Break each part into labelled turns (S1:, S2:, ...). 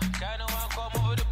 S1: Girl, no one come over the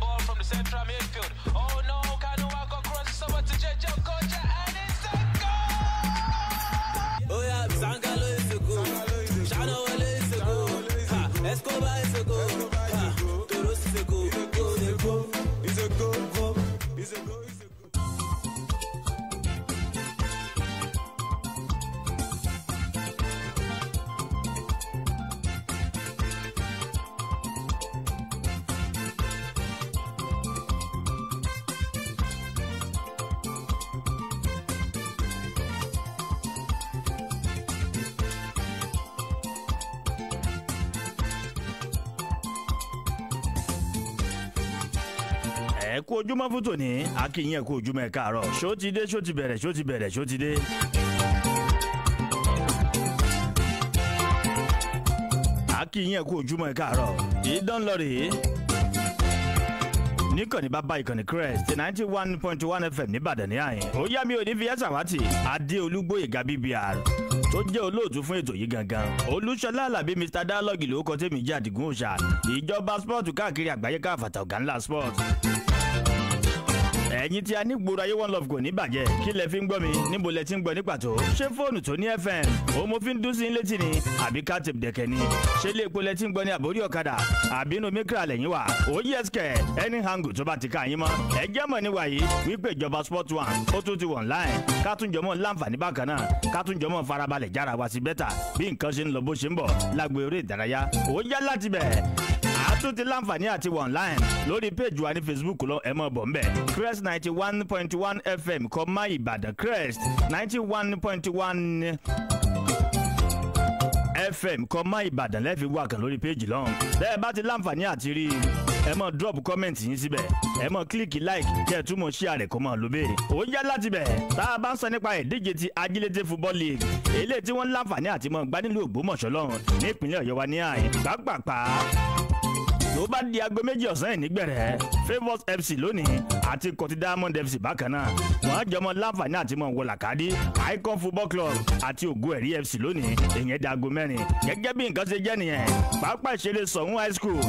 S2: ojúmọ́ fún tòní akínyìn ẹ̀kú ojúmọ́ ẹ̀ káàárọ̀ ṣó ti dé ṣó ti bẹ̀rẹ̀ ṣó ti bẹ̀rẹ̀ ṣó ti dé. akínyìn ẹ̀kú ojúmọ́ ẹ̀ káàárọ̀ ìdánlọ́rì níkànnì bàbá ìkànnì crest ninety one point one fm nìbàdàn ní àyìn ó yá mi ò ní fi yẹn ṣàwátì adéolúgbòyègà bbr tó jẹ́ olóòtú fún ètò yìí gangan olúṣọlá alábí mr dialogue ló kọ tèmi jẹ́ àdìgún òòṣà ìjọba sport káàkiri àgbáyé káfàtà ọ̀gá ńlá sport ẹ̀yin tí a ní gbòòrò ayé one love kò ní bàjẹ́ kí lẹ fi ń gbọ́ mi níbo lẹ ti ń gbọ́ ní pàtó ṣé fóònù tó ní fm òun mo fi ń dún sí ń létí ni àbí kátìp dẹ̀kẹ́ ni ṣé ilé epo lẹ ti ń gbọ́ ní àbórí ọ̀kadà àbí inú mikra lẹ́yìn wà ó yẹ ẹsikẹ ẹni hangu tó bá ti ká yín mọ́ ẹ jẹ́ mọ̀ níwà yìí wípé ìjọba sport one ó tún ti wọ̀n láì kátúnjọmọ́ láǹfààní bákan náà kátúnjọmọ́ farabalẹ̀ jára wa sí bẹ́tà bí nǹkan ṣe ń lọ bó ṣe ń bọ̀ lágbo eré ìdárayá ó yá láti bẹ̀ tún ti láǹfààní àti wà online lórí péjì wa ní facebook lọ ẹ mọ̀ bọ̀ ńbẹ̀ crest ninety one point one fm kọ́má ìbàdàn crest ninety one point one fm kọ́má ìbàdàn lẹ́ẹ̀fi wà kàn lórí péjì lọ́hùn bẹ́ẹ̀ bá ti láǹfààní àti rí i ẹ mọ drop comment yín síbẹ̀ ẹ mọ kílíkì like kí ẹ tún mọ share rẹ̀ kó mọ ló béèrè. ó yá láti bẹ̀ tá a bá ń sọ nípa ìdíje ti ajílété football league eléyìí tí wọ́n ń láǹfààní àti mọ̀ gbá nílùú Ògbómọ̀ṣọ́ lọ́hùn nípínlẹ̀ Ọ̀yọ́ wa ní àyè pàápàá tó bá di aago méjì ọ̀sán ẹ̀ nígbẹ̀rẹ̀ favours fc lónìí àti kọtí diamond fc bákan náà wọ́n jọmọ láǹfààní àti mọ̀ wọ làkàdí icon football club àti ògo ẹ̀rí fc lónìí èyàn di aago mẹ́rin gẹ́gẹ́ bí nǹkan ṣe jẹ́ nìyẹn pápá ìṣeré sọ̀hún high school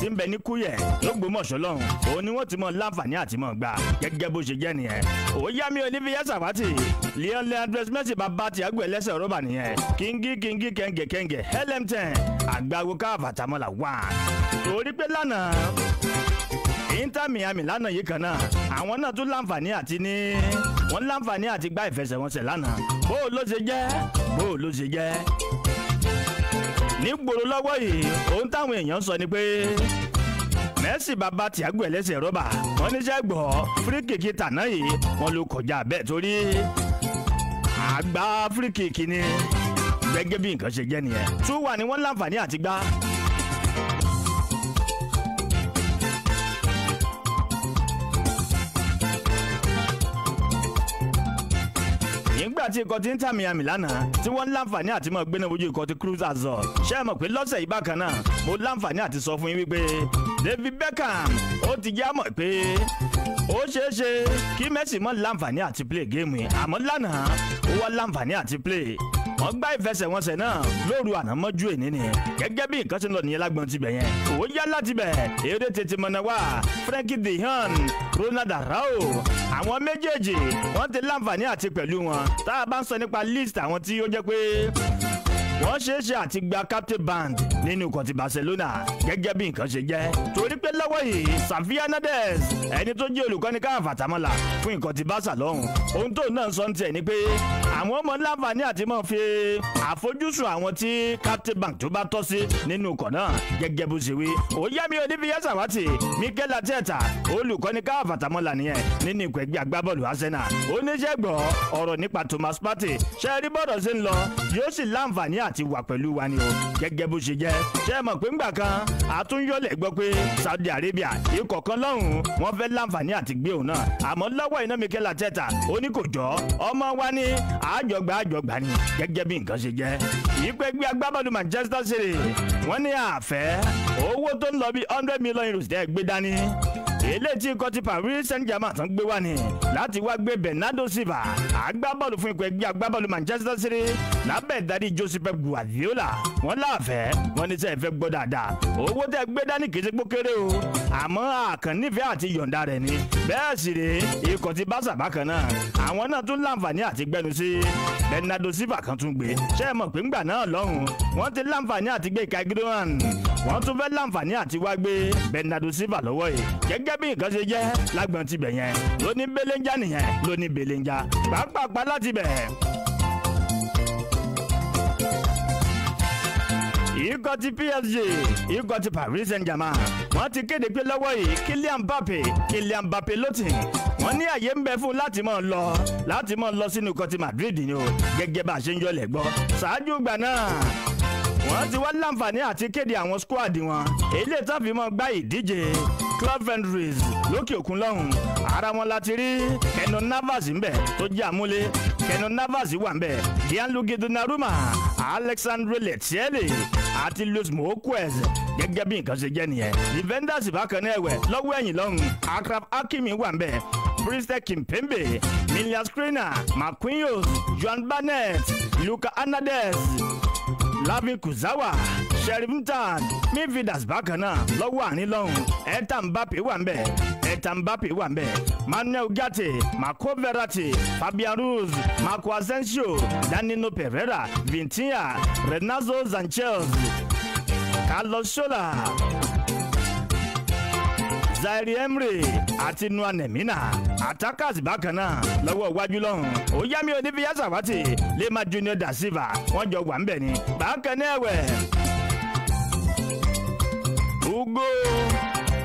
S2: ti ń bẹ ní kúyẹ̀ lọ́gbọ̀mọ̀ṣọ́ lọ́hùn òun ni wọ́n ti mọ láǹfààní àti mọ̀ gbà gẹ́gẹ́ bó ṣe jẹ́ nìyẹn òyà mi ò ní fi yẹ́ leon leandres messi bàbá tiago ẹlẹ́sẹ̀ rọ́bà nìyẹn kíngí kíngí kẹ́ńgẹ̀ kẹ́ńgẹ̀ lm10 àgbàwo káfàtà mọ́là wà. torí pé lánàá Inter Miami lánàá yìí kan náà àwọn náà tún láǹfààní àti ní wọ́n láǹfààní àti gbá ìfẹsẹ̀wọnsẹ̀ lánàá bó o ló ṣe jẹ́ bó o ló ṣe jẹ́. nígboro lọ́wọ́ yìí ohun táwọn èèyàn sọ ni pé Messi bàbá Thiago ẹlẹ́sẹ̀ rọ́bà wọ́n níṣẹ́ gbọ́ fíríkìkì tàná yìí wọ́n ló kọjá bẹ́ẹ̀ torí àgbà fíríkìkì ni gẹ́gẹ́ bí nǹkan ṣe jẹ́ nìyẹn two one ni wọ́n láǹfààní àti gbá. nígbà tí ikọ̀ ti ń tà Miami lánàá tí wọ́n láǹfààní àti mọ̀ gbéná wojú ikọ̀ ti Cruz Azor ṣé ẹ mọ̀ pé lọ́sẹ̀ yìí bákan náà mo láǹfààní àti sọ fún yín wípé David Beckham ó ti já mọ̀ pé ó ṣeé ṣe kí Messi mọ̀ láǹfààní àti play géèmù yìí àmọ́ lánàá ó wá láǹfààní àti play ọgbà ìfẹsẹ̀wọnsẹ̀ náà lóru àná mọ́jú èní ni gẹ́gẹ́ bí nǹkan ti lọ nìyẹn ti tibẹ̀ yẹn òun yá láti bẹ̀ eré tètè mọ̀nà wá Frenkie de Jong Ronald Arao àwọn méjèèjì wọ́n ti láǹfààní àti pẹ̀lú wọn tá a bá ń sọ nípa list àwọn tí ó jẹ́ pé wọ́n ṣeé ṣe àti gba captain band nínú ikọ̀ ti Barcelona gẹ́gẹ́ bí nǹkan ṣe jẹ́ torí pé lọ́wọ́ yìí Xavi Hernandez ẹni tó jẹ́ olùkọ́ni káàfàtàmọ́là fún ikọ̀ ti Barca lọ́hùn ohun tó náà sọ ń tiẹ̀ ni pé àwọn ọmọ láǹfààní àti máa fi àfojúsùn àwọn tí captain bank tó bá tọ́ sí nínú ikọ̀ náà gẹ́gẹ́ bó ṣe wí. òòyà mi ò ní fi yẹ́ sàwátì Mikel Arteta olùkọ́ni káà fàtàmọ́là nìyẹn nínú ikọ̀ ẹgbẹ́ agbábọ́ọ̀lù Arsenal oníṣègbọ́ ọ̀rọ̀ nípa Thomas Partey ṣe rí bọ́ọ̀dọ̀ sí ń lọ yóò sì láǹfààní àti wà pẹ̀lú wa ni o gẹ́gẹ́ bó ṣe jẹ́ ṣe mọ̀ pé ńgbà kan àtúnyọ̀lẹ̀ gbọ́ pé Saudi Arabia ikọ̀ kan lọ́hùn-ún fẹ́ láǹfààní àti gbé òun náà àmọ́ lọ́wọ́ iná Mikel Arteta àjọgbà àjọgbà ni gẹ́gẹ́ bí nǹkan ṣe jẹ́ ìpè gbé agbábọ́ọ̀lù Manchester City wọ́n ní àfẹ́ owó tó ń lọ bí hundred million euros tẹ́ gbé dání eléyìí tí ikọ̀ ti Paris Saint-Germain tán gbé wá ni láti wá gbé Bernardo Silva agbábọ́ọ̀lù fún ikọ̀ ẹgbẹ́ agbábọ́ọ̀lù Manchester City lábẹ́ ìdarí Joseph Guardiola wọ́n láàfẹ́ wọ́n ní sẹ́ẹ̀ fẹ́ gbọ́ dáadáa owó tẹ́ gbé dání kìí ṣe gbókéré o àmọ́ àkànnífẹ́ àti yọ̀ǹda rẹ̀ ni bẹ́ẹ̀ sì rèé ikọ̀ ti Barca bákan náà àwọn náà tún láǹfààní àti gbẹnu sí Bernardo Silva kan tún gbé ṣé ẹ mọ̀ pé ńgbà náà lọ́hùn wọ́n ti láǹfààní àti gbé Ilkay Gündogan wọ́n tún fẹ́ láǹfààní àti wá gbé Bernardo Silva lọ́wọ́ yìí gẹ́gẹ́ bí nǹkan ṣe jẹ́ lágbọ̀n tibẹ̀ yẹn lóní belenja nìyẹn lóní belenja pàápàá láti bẹ̀. ikọ̀ ti PSG ikọ̀ ti Paris Saint-Germain wọ́n ti kéde pé lọ́wọ́ yìí Kylian Mbappe Kylian Mbappe ló tì wọ́n ní àyè ń bẹ fún láti máa lọ láti máa lọ sínú ikọ̀ ti Madrid ni o gẹ́gẹ́ bá a ṣe ń yọlẹ̀ gbọ́ ṣáájú gbà náà wọ́n ti wá láǹfààní àti kéde àwọn squad wọn eléyìí tó fi mọ́ gbá ìdíje club fundraise lókè òkun lọ́hùn ara wọn la ti rí Kenan Navas ń bẹ tó jẹ́ àmúlé Kenan Navas wà ń bẹ Gianluigi Donnarumma Alexandre Letiele àti Luis Mokwes gẹ́gẹ́ bí nǹkan ṣe jẹ́ nìyẹn defenders bákan ẹ̀wẹ̀ lọ́wọ́ ẹ̀yìn lọ́hùn Akrab Hakimi wà ń bẹ Brewster Kimpembe Milan Skriniar Marquinhos Juan Barnett Luca Hernandez labi kuzawa sheriffington midfielders bákan náà lọ́wọ́ àárín lọ́hùn ẹ̀ta mbappe wà ń bẹ̀ ẹ̀ta mbappe wà ń bẹ̀ manuel ugarte marco verratti fabian ruiz marco asensio danilo pereira vintia renato sanchez carlos sola zaire emery àti nu anẹ̀mínà attackers bákan náà lọ́wọ́ iwájú lọ́hùn òyàmí onífíyà sàwátì lema junior da silva wọ́n jọ wà ń bẹ̀ ni bákan náà ẹ̀wẹ̀ ugo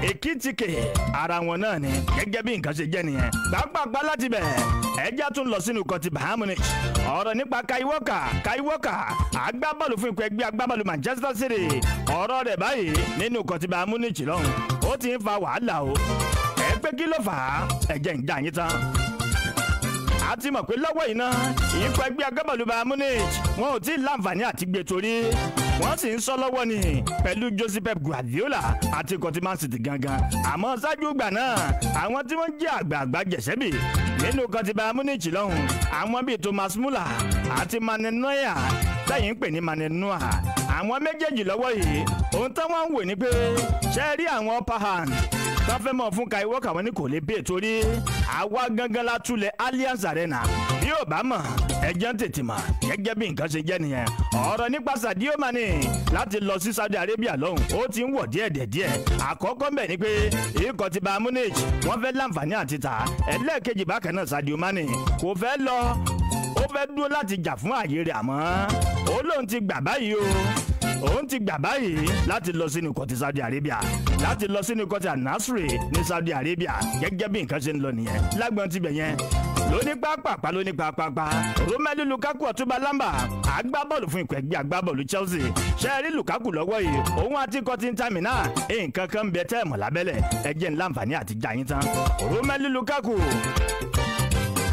S2: èkìtìkè ara wọn náà ni gẹ́gẹ́ bí nǹkan ṣe jẹ́ nìyẹn gbàgbàgbà láti bẹ̀ ẹjẹ́ tún lọ sínú kan ti bahamunich ọ̀rọ̀ nípa Kai Walker Kai Walker agbábọ́ọ̀lù fún ikọ̀ ẹgbẹ́ agbábọ́ọ̀lù Manchester City ọ̀rọ̀ rẹ̀ báyìí nínú kan ti bahamunich ó ti ń fa wàhálà o pé kí ló fà á ẹ̀jẹ̀ ń já yín tán a ti mọ̀ pé lọ́wọ́ iná ìyípo ẹgbẹ́ agbábọ̀lùbà Munich wọn ò tí ì láǹfààní àti gbé torí wọ́n sì ń sọ lọ́wọ́ ni pẹ̀lú Joseph Guardiola àti ikọ̀ Man City gangan àmọ́ ṣáájú ìgbà náà àwọn tí wọ́n jẹ́ àgbààgbà jẹ̀ṣẹ́bì nínú kan ti bá Munich lọ́hùn àwọn bíi Thomas Muller àti Mané Neuer lẹ́yìn ń pè ní Mané Neuer àwọn méjèèjì lọ́wọ́ yìí ohun táwọn ń wò ni pé ṣe rí àwọn upper hand tá fẹ́ mọ̀ fún ka ìwọ́ kàwọn ní kò lè bẹ́ẹ̀ torí àwa gangan la tulẹ̀ Allianz Arena bí ò bá mọ̀ ẹjẹ́ ń tètè mọ̀ gẹ́gẹ́ bí nǹkan ṣe jẹ́ nìyẹn ọ̀rọ̀ nípa Sadio Mane láti lọ sí Saudi Arabia lọ́hùn ó ti ń wọ̀ díẹ̀díẹ̀díẹ̀ àkọ́kọ́ mbẹ̀ ni pé ikọ̀ ti ba Munich wọ́n fẹ́ láǹfààní àti tà ẹlẹ́ẹ̀kejì bákan náà Sadio Mane kò fẹ́ lọ ó fẹ́ dúró láti jà fún àyè rẹ̀ àmọ́ ó lóun ti gbà báyìí o òun ti gbà báyìí láti lọ sínú ikọ̀ ti Saudi Arabia láti lọ sínú ikọ̀ ti Al-Nassr ní Saudi Arabia gẹ́gẹ́ bí nǹkan ṣe ń lọ nìyẹn lágbọn tibẹ̀ yẹn lóní pápápá lóní pápápá Romelu Lukaku ọtúba lamba agbábọ́ọ̀lù fún ikọ̀ agbábọ́ọ̀lù Chelsea ṣẹ́ẹ̀rí Lukaku lọ́wọ́ yìí òun àti ikọ̀ ti ń nǹkan kan ń bẹ tẹ́ẹ̀mù lábẹ́lẹ̀ ẹ̀jẹ̀ ńlá àǹfààní àti jayín Lukaku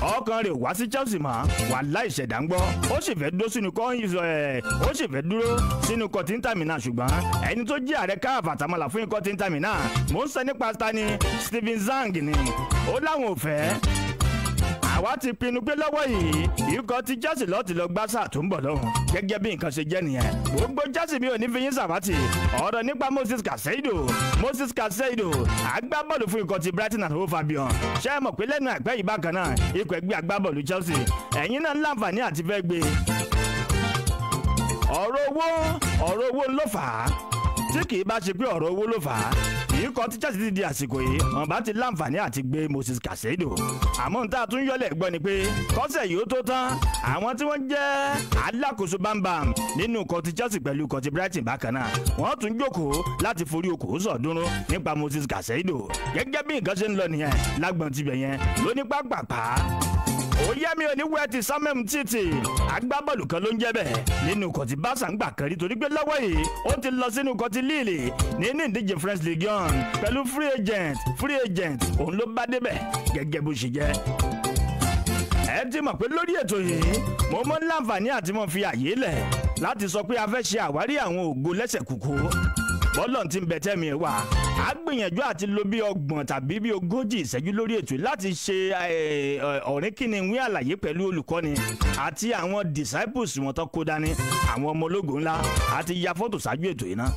S2: ọkàn rẹ̀ wá sí Chelsea mọ́ wàláhì ìṣẹ̀dá ń gbọ́ ó sì fẹ́ dúró sínú kọ́ńyìn ẹ̀ ó sì fẹ́ dúró sínú kọ́ńtínítà mìíràn ṣùgbọ́n ẹni tó jí ààrẹ káàfà àtàmọ́là fún kọ́ńtínítà mìíràn mò ń sọ nípa ta ni Steven Zhang ni ó láwọn ò fẹ́ àwa ti pinnu pé lọ́wọ́ yìí ikọ̀ ti jẹ́sì lọ́ọ́ ti lọ gbá sáà tó ń bọ̀ lọ́hùn gẹ́gẹ́ bí nǹkan ṣe jẹ́ nìyẹn gbogbo jẹ́sì mi ò ní fi yín sàwátì ọ̀rọ̀ nípa Moses Kaseido Moses Kaseido agbábọ́ọ̀lù fún ikọ̀ ti Brighton and Hove Albion ṣé ẹ mọ̀ pé lẹ́nu àìpẹ́ yìí bákan náà ikọ̀ ẹgbẹ́ agbábọ́ọ̀lù Chelsea ẹ̀yin náà láǹfààní àti fẹ́ gbé ọ̀rọ̀ owó ọ̀rọ̀ owó ló fà á tí kì í bá ṣe pé ọ̀rọ̀ owó ló fà á yìí kọ tí chelsea di àsìkò yìí wọn bá ti láǹfààní àti gbé Moses Caicedo àmọ́ n ta tún yọlẹ̀ gbọ́ ni pé kọ́sẹ̀ yìí ó tó tán àwọn tí wọ́n jẹ́ alákòóso bámbam nínú ikọ̀ ti Chelsea pẹ̀lú ikọ̀ ti Brighton bákan náà wọ́n tún jókòó láti forí okòó sọ̀dúnrún nípa Moses Caicedo gẹ́gẹ́ bí nǹkan ṣe ń lọ nìyẹn lágbọ̀n tibẹ̀ yẹn lónípàpàpà ó yẹ mi ò ní wẹ́ẹ̀tì samuel títì agbábọ́ọ̀lù kan ló ń jẹ́ bẹ́ẹ̀ nínú kọ̀tí báṣà ń gbà kan rí torí pé lọ́wọ́ yìí ó ti lọ sínú kọ̀tí líìlì nínú ìdíje french league pẹ̀lú free agent free agent òun ló bá débẹ̀ gẹ́gẹ́ bó ṣe jẹ́ ẹ ti mọ̀ pé lórí ètò yìí mo mọ́ láǹfààní àti mo fi àyè lẹ̀ láti sọ pé a fẹ́ ṣe àwárí àwọn ògo lẹ́sẹ̀ bọ́lọ̀ ti ń bẹ̀tẹ̀ mi wá a gbìyànjú àti lo bí ọgbọ̀n tàbí bí ogójì ìṣẹ́jú lórí ètò láti ṣe ọ̀rìnkìnìwín àlàyé pẹ̀lú olùkọ́ni àti àwọn disciples wọn tó kó dání àwọn ọmọ ológo ńlá àti ya fọ́tò ṣáájú ètò yìí náà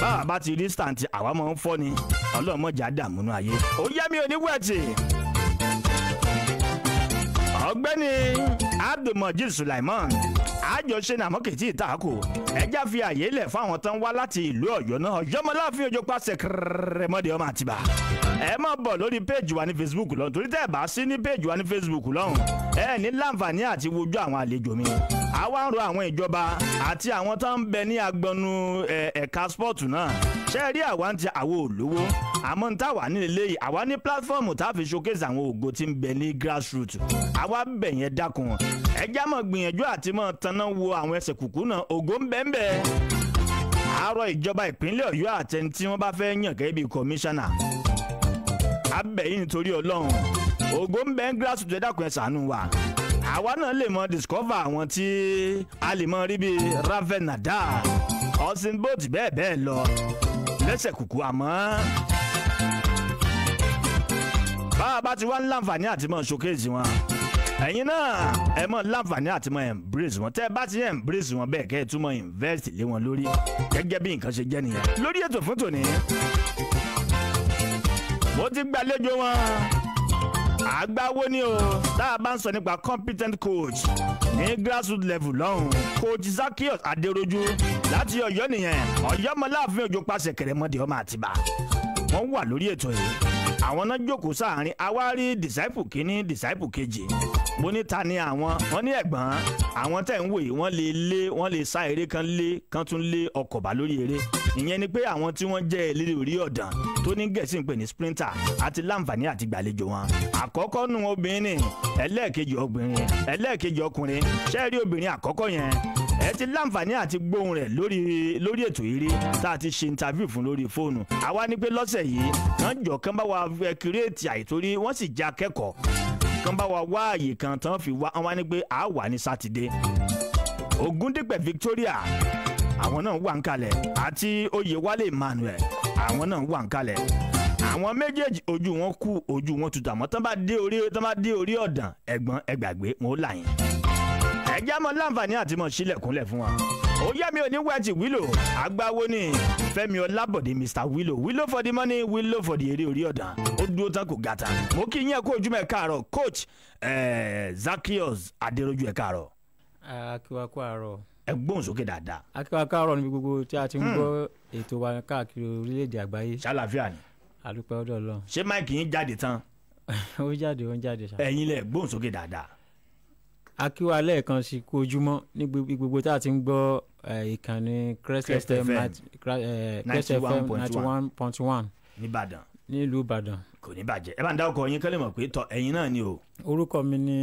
S2: báwa bá ti rí stanti àwa máa ń fọ́ ni ọlọ́mọjà dààmúnú ayé ó yẹ mi ò ní wẹ̀tì ọ̀gbẹ́ni abdulmajid sulaiman àjọṣe ni àmọ́ kì í tí ì ta kù ẹjá fi àyè lẹ̀ fáwọn tán wá láti ìlú ọ̀yọ́ náà ọ̀yọ́mọláfin òjòpá sẹ̀kẹrẹrẹmọdé ọmọ àtibá ẹ máa bọ̀ lórí péèjì wa ní Facebook lọ́hùn torí tẹ́ ẹ bá sí ní péèjì wa ní Facebook lọ́hùn ẹ ní láǹfààní àti wojú àwọn àlejò mi àwa ń rọ àwọn ìjọba àti àwọn tó ń bẹ ní agbọnú ẹ̀ka spọ́ọ̀tù náà ṣe rí àwa ń ti àwo olówó àmọ́ ń táwa nílé léyìí àwa ní pílátífọ́ọ̀mù tá a fi showcase àwọn ògo tí ń bẹ ní grassroots àwa ń bẹ̀ yẹn dákun ẹ já mọ̀ gbìyànjú àti mọ̀ tanná wo àwọn ẹsẹ̀ kùkú náà ògo ń bẹ ń bẹ àárọ̀ ìjọba ìpínlẹ̀ Ọ̀yọ́ àtẹni tí wọ́n bá fẹ́ yàn gẹ́gẹ́ bí kọmíṣánná abẹ́yìn nítorí ọlọ́run ògo ń bẹ ń gíláàsì tó dákun ẹ̀ ṣàánú wa àwa náà lè mọ discover àwọn tí a lè mọ rí bí Rafael Nadal Usain Bolt bẹ́ẹ̀ bẹ́ẹ̀ lọ lẹ́sẹ̀ kùkù àmọ́ bá a bá ti wá ń láǹfààní àti mọ̀ showcase wọn ẹ̀yin náà ẹ mọ̀ láǹfààní àti mọ̀ embrace wọn tẹ́ ẹ bá ti embrace wọn bẹ́ẹ̀ kẹ́ ẹ túmọ̀ invest lé wọn lórí gẹ́gẹ́ bí nǹkan ṣe jẹ́ nìyẹn lórí ètò fún tòní ó ti gbàlejò wọn àgbáwo ni o tá a bá ń sọ nípa competent coach ní grassroot level lọ́hùn coach Zaccheaus Adéròjú láti Ọ̀yọ́ nìyẹn Ọ̀yọ́mọláàfin òjò pàṣẹ kẹrẹmọdé ọmọ Àtìbà wọ́n wà lórí ètò yìí àwọn náà jókòó sáàárín awárí disciple kínní disciple kejì mo ní ta ni àwọn wọ́n ní ẹ̀gbọ́n àwọn tẹ̀ ń wò yìí wọ́n lè lé wọ́n lè sá eré kan lé kan tún lé ọkọ̀ bá lórí eré ìyẹn ni pé àwọn tí wọ́n jẹ́ eléré orí ọ̀dàn tó ní gẹ̀ẹ́sì ń pè ní sprinter àti láǹfààní àti gbàlejò wọn àkọ́kọ́ nu obìnrin ẹlẹ́ẹ̀kejì obìnrin ẹlẹ́ẹ̀kejì ọkùnrin ṣẹ́ẹ̀rí obìnrin àkọ́kọ́ yẹn ẹ ti láǹfààní àti gbóhùn rẹ̀ lórí lórí ètò eré tá a ti ṣe interview fún lórí fóònù àwa ni pé lọ́sẹ̀ yìí kàn jọ kán bá wa kírètì àìtórí wọ́n sì jẹ́ akẹ́kọ̀ọ́ tán bá wa wá àyè kan tán fi wá wọn ní pé a wà ní sátidé Ògúndìpẹ̀ Victoria àwọn náà wà ń kalẹ̀ àti Oyèwálé Emmanuel àwọn náà wà ń kalẹ̀ àwọn méjèèjì ojú wọn kú ojú wọn tutù àmọ́ tán bá dé orí tán bá dé orí ọ̀dàn ẹ̀gbọ́n ẹgbàgbé wọn ó là yín ẹ̀jẹ̀ àmọ́ láǹfààní àti mọ̀ sílẹ̀kúnlẹ̀ fún wa ó yẹ mi ò ní wẹ́ẹ̀tì wílò agbáwo ni fẹ́mi ọlábọ̀dé mr wílò wílò for the money wílò for the eré orí ọ̀dàn ó dúró tán kò gàtà mo kí yín kó ojúmọ́ ẹ̀ káàárọ̀ coach
S3: zakios adéròjú ẹ̀ káàárọ̀. akíwákú àárọ̀. ẹ gbóhùn sókè dáadáa. akíwákú àárọ̀ níbi gbogbo tí a ti ń hmm. gbọ́ ètò wa káàkiri orílẹ̀-èdè àgbáyé. ṣàlàfíà ni. àdúpẹ́ ọ̀dọ̀ Ọlọ́run. ṣé máìkì yín jáde tán. ó jáde ó ń jáde ṣá. ẹ̀yin lẹ gbóhùn
S2: sókè dáadáa
S3: akíwa lẹ́ẹ̀kan sí kú ojúmọ́ ní gbogbo tá a ti ń gbọ́ eh, ìkànnì crest fm eh, ninety one point one nìbàdàn nílùú ìbàdàn.
S2: kò ní bàjẹ́ ẹ bá ń dá ọkọ yín kẹ́lẹ́ mọ̀ pé tọ ẹ̀yin náà ni o.
S3: orúkọ mi ni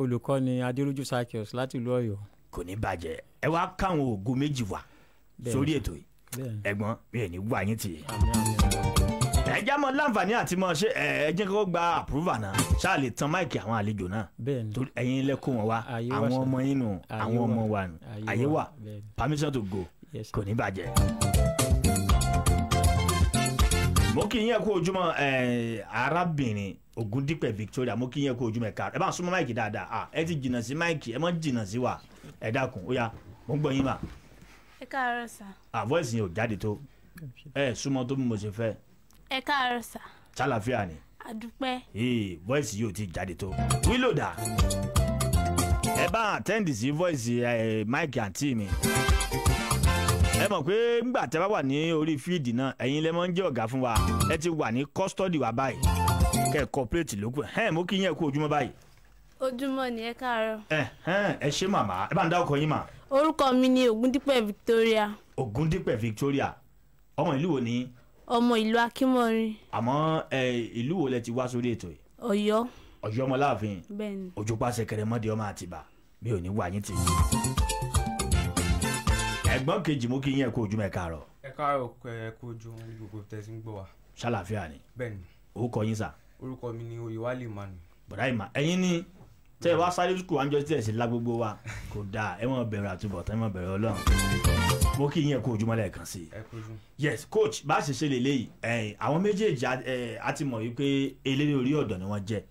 S3: olùkọ́ni adéròjú sakios láti ìlú ọ̀yọ́. kò ní bàjẹ́ ẹ wá káwọn ògo méjì wá sórí ètò yìí ẹ̀gbọ́n mi ò ní wá yín tì í
S2: ẹja mọ láǹfààní àti mọ ṣe ẹ jẹ́ kó gba àpúrúfà náà ṣáà lè tan máìkì àwọn àlejò náà torí ẹ̀yin wọn wá àwọn ọmọ yín àwọn ọmọ wa àyè wà permission to go kò ní bàjẹ́ mo kì í yẹ kó ojúmọ́ arábìnrin Ògúndípẹ̀ Victoria mo kì í yẹ kó ojúmọ́ ẹka ẹ bá súnmọ́ máìkì dáadáa ẹ ti jìnnà sí máìkì ẹ mọ jìnnà sí wa ẹ dákun ó yá mo ń gbọ́ yín mà.
S4: ẹ káàárọ̀ sà.
S2: àvọ́ ìsìn yóò jáde tó ẹ súnmọ́ tó bí mo ṣe fẹ́. ẹ káàárọ̀ sà. ni. àdúpẹ́. ee voice yóò ti jáde tó. Willow ẹ bá àtẹ́ǹdì sí voice ẹ mike àǹtí mi. ẹ mọ̀ pé ńgbà tẹ́ bá wà ní orí fíìdì náà ẹ̀yin wa ẹ ti wà ní wa báyìí kẹ́ kọ́pẹ́rẹ́tì lókù Ẹ mú kí yẹn kú ojúmọ́ báyìí
S4: ni ẹ
S2: ẹ Ṣe ma màmá ẹ bá ń dá ọkọ yín mà.
S4: orúkọ mi ni Victoria.
S2: Victoria ọmọ ìlú ni.
S4: ọmọ ìlú akínmọ́rin.
S2: àmọ́ ìlú wo lẹ ti wá sórí ètò yìí. ọ̀yọ́. ọ̀yọ́ ọmọláàfin. bẹ́ẹ̀ni. ojú pàṣẹ kẹrẹmọdé ọmọ àtìbà bí ò ní wà yín tì. ẹ̀gbọ́n kejì mú kí yín ẹ ojú mẹ káàárọ̀.
S1: ẹ káàárọ̀ ẹ ojú gbogbo tẹsí ń gbọ́ wa. ṣàlàfíà ni. bẹ́ẹ̀ni. orúkọ yín sà. orúkọ mi ni oyèwálé manu.
S2: bọ̀dá ìmà ẹ̀yin ni tẹ́ ẹ wá sáré sùkúù wájú tí ẹ sì la gbogbo wa kò dáa ẹ mọ̀ bẹ̀rù àtúbọ̀tán ẹ mọ̀ bẹ̀rù ọlọ́run mo kí yín kú ojúmọ́ lẹ́ẹ̀kan sí
S1: i
S2: yes coach bá a ṣe ṣe lélẹ́yìí ẹ̀yìn àwọn méjèèjì á ti mọ̀ wípé eléré orí ọ̀dọ̀ ni wọ́n jẹ́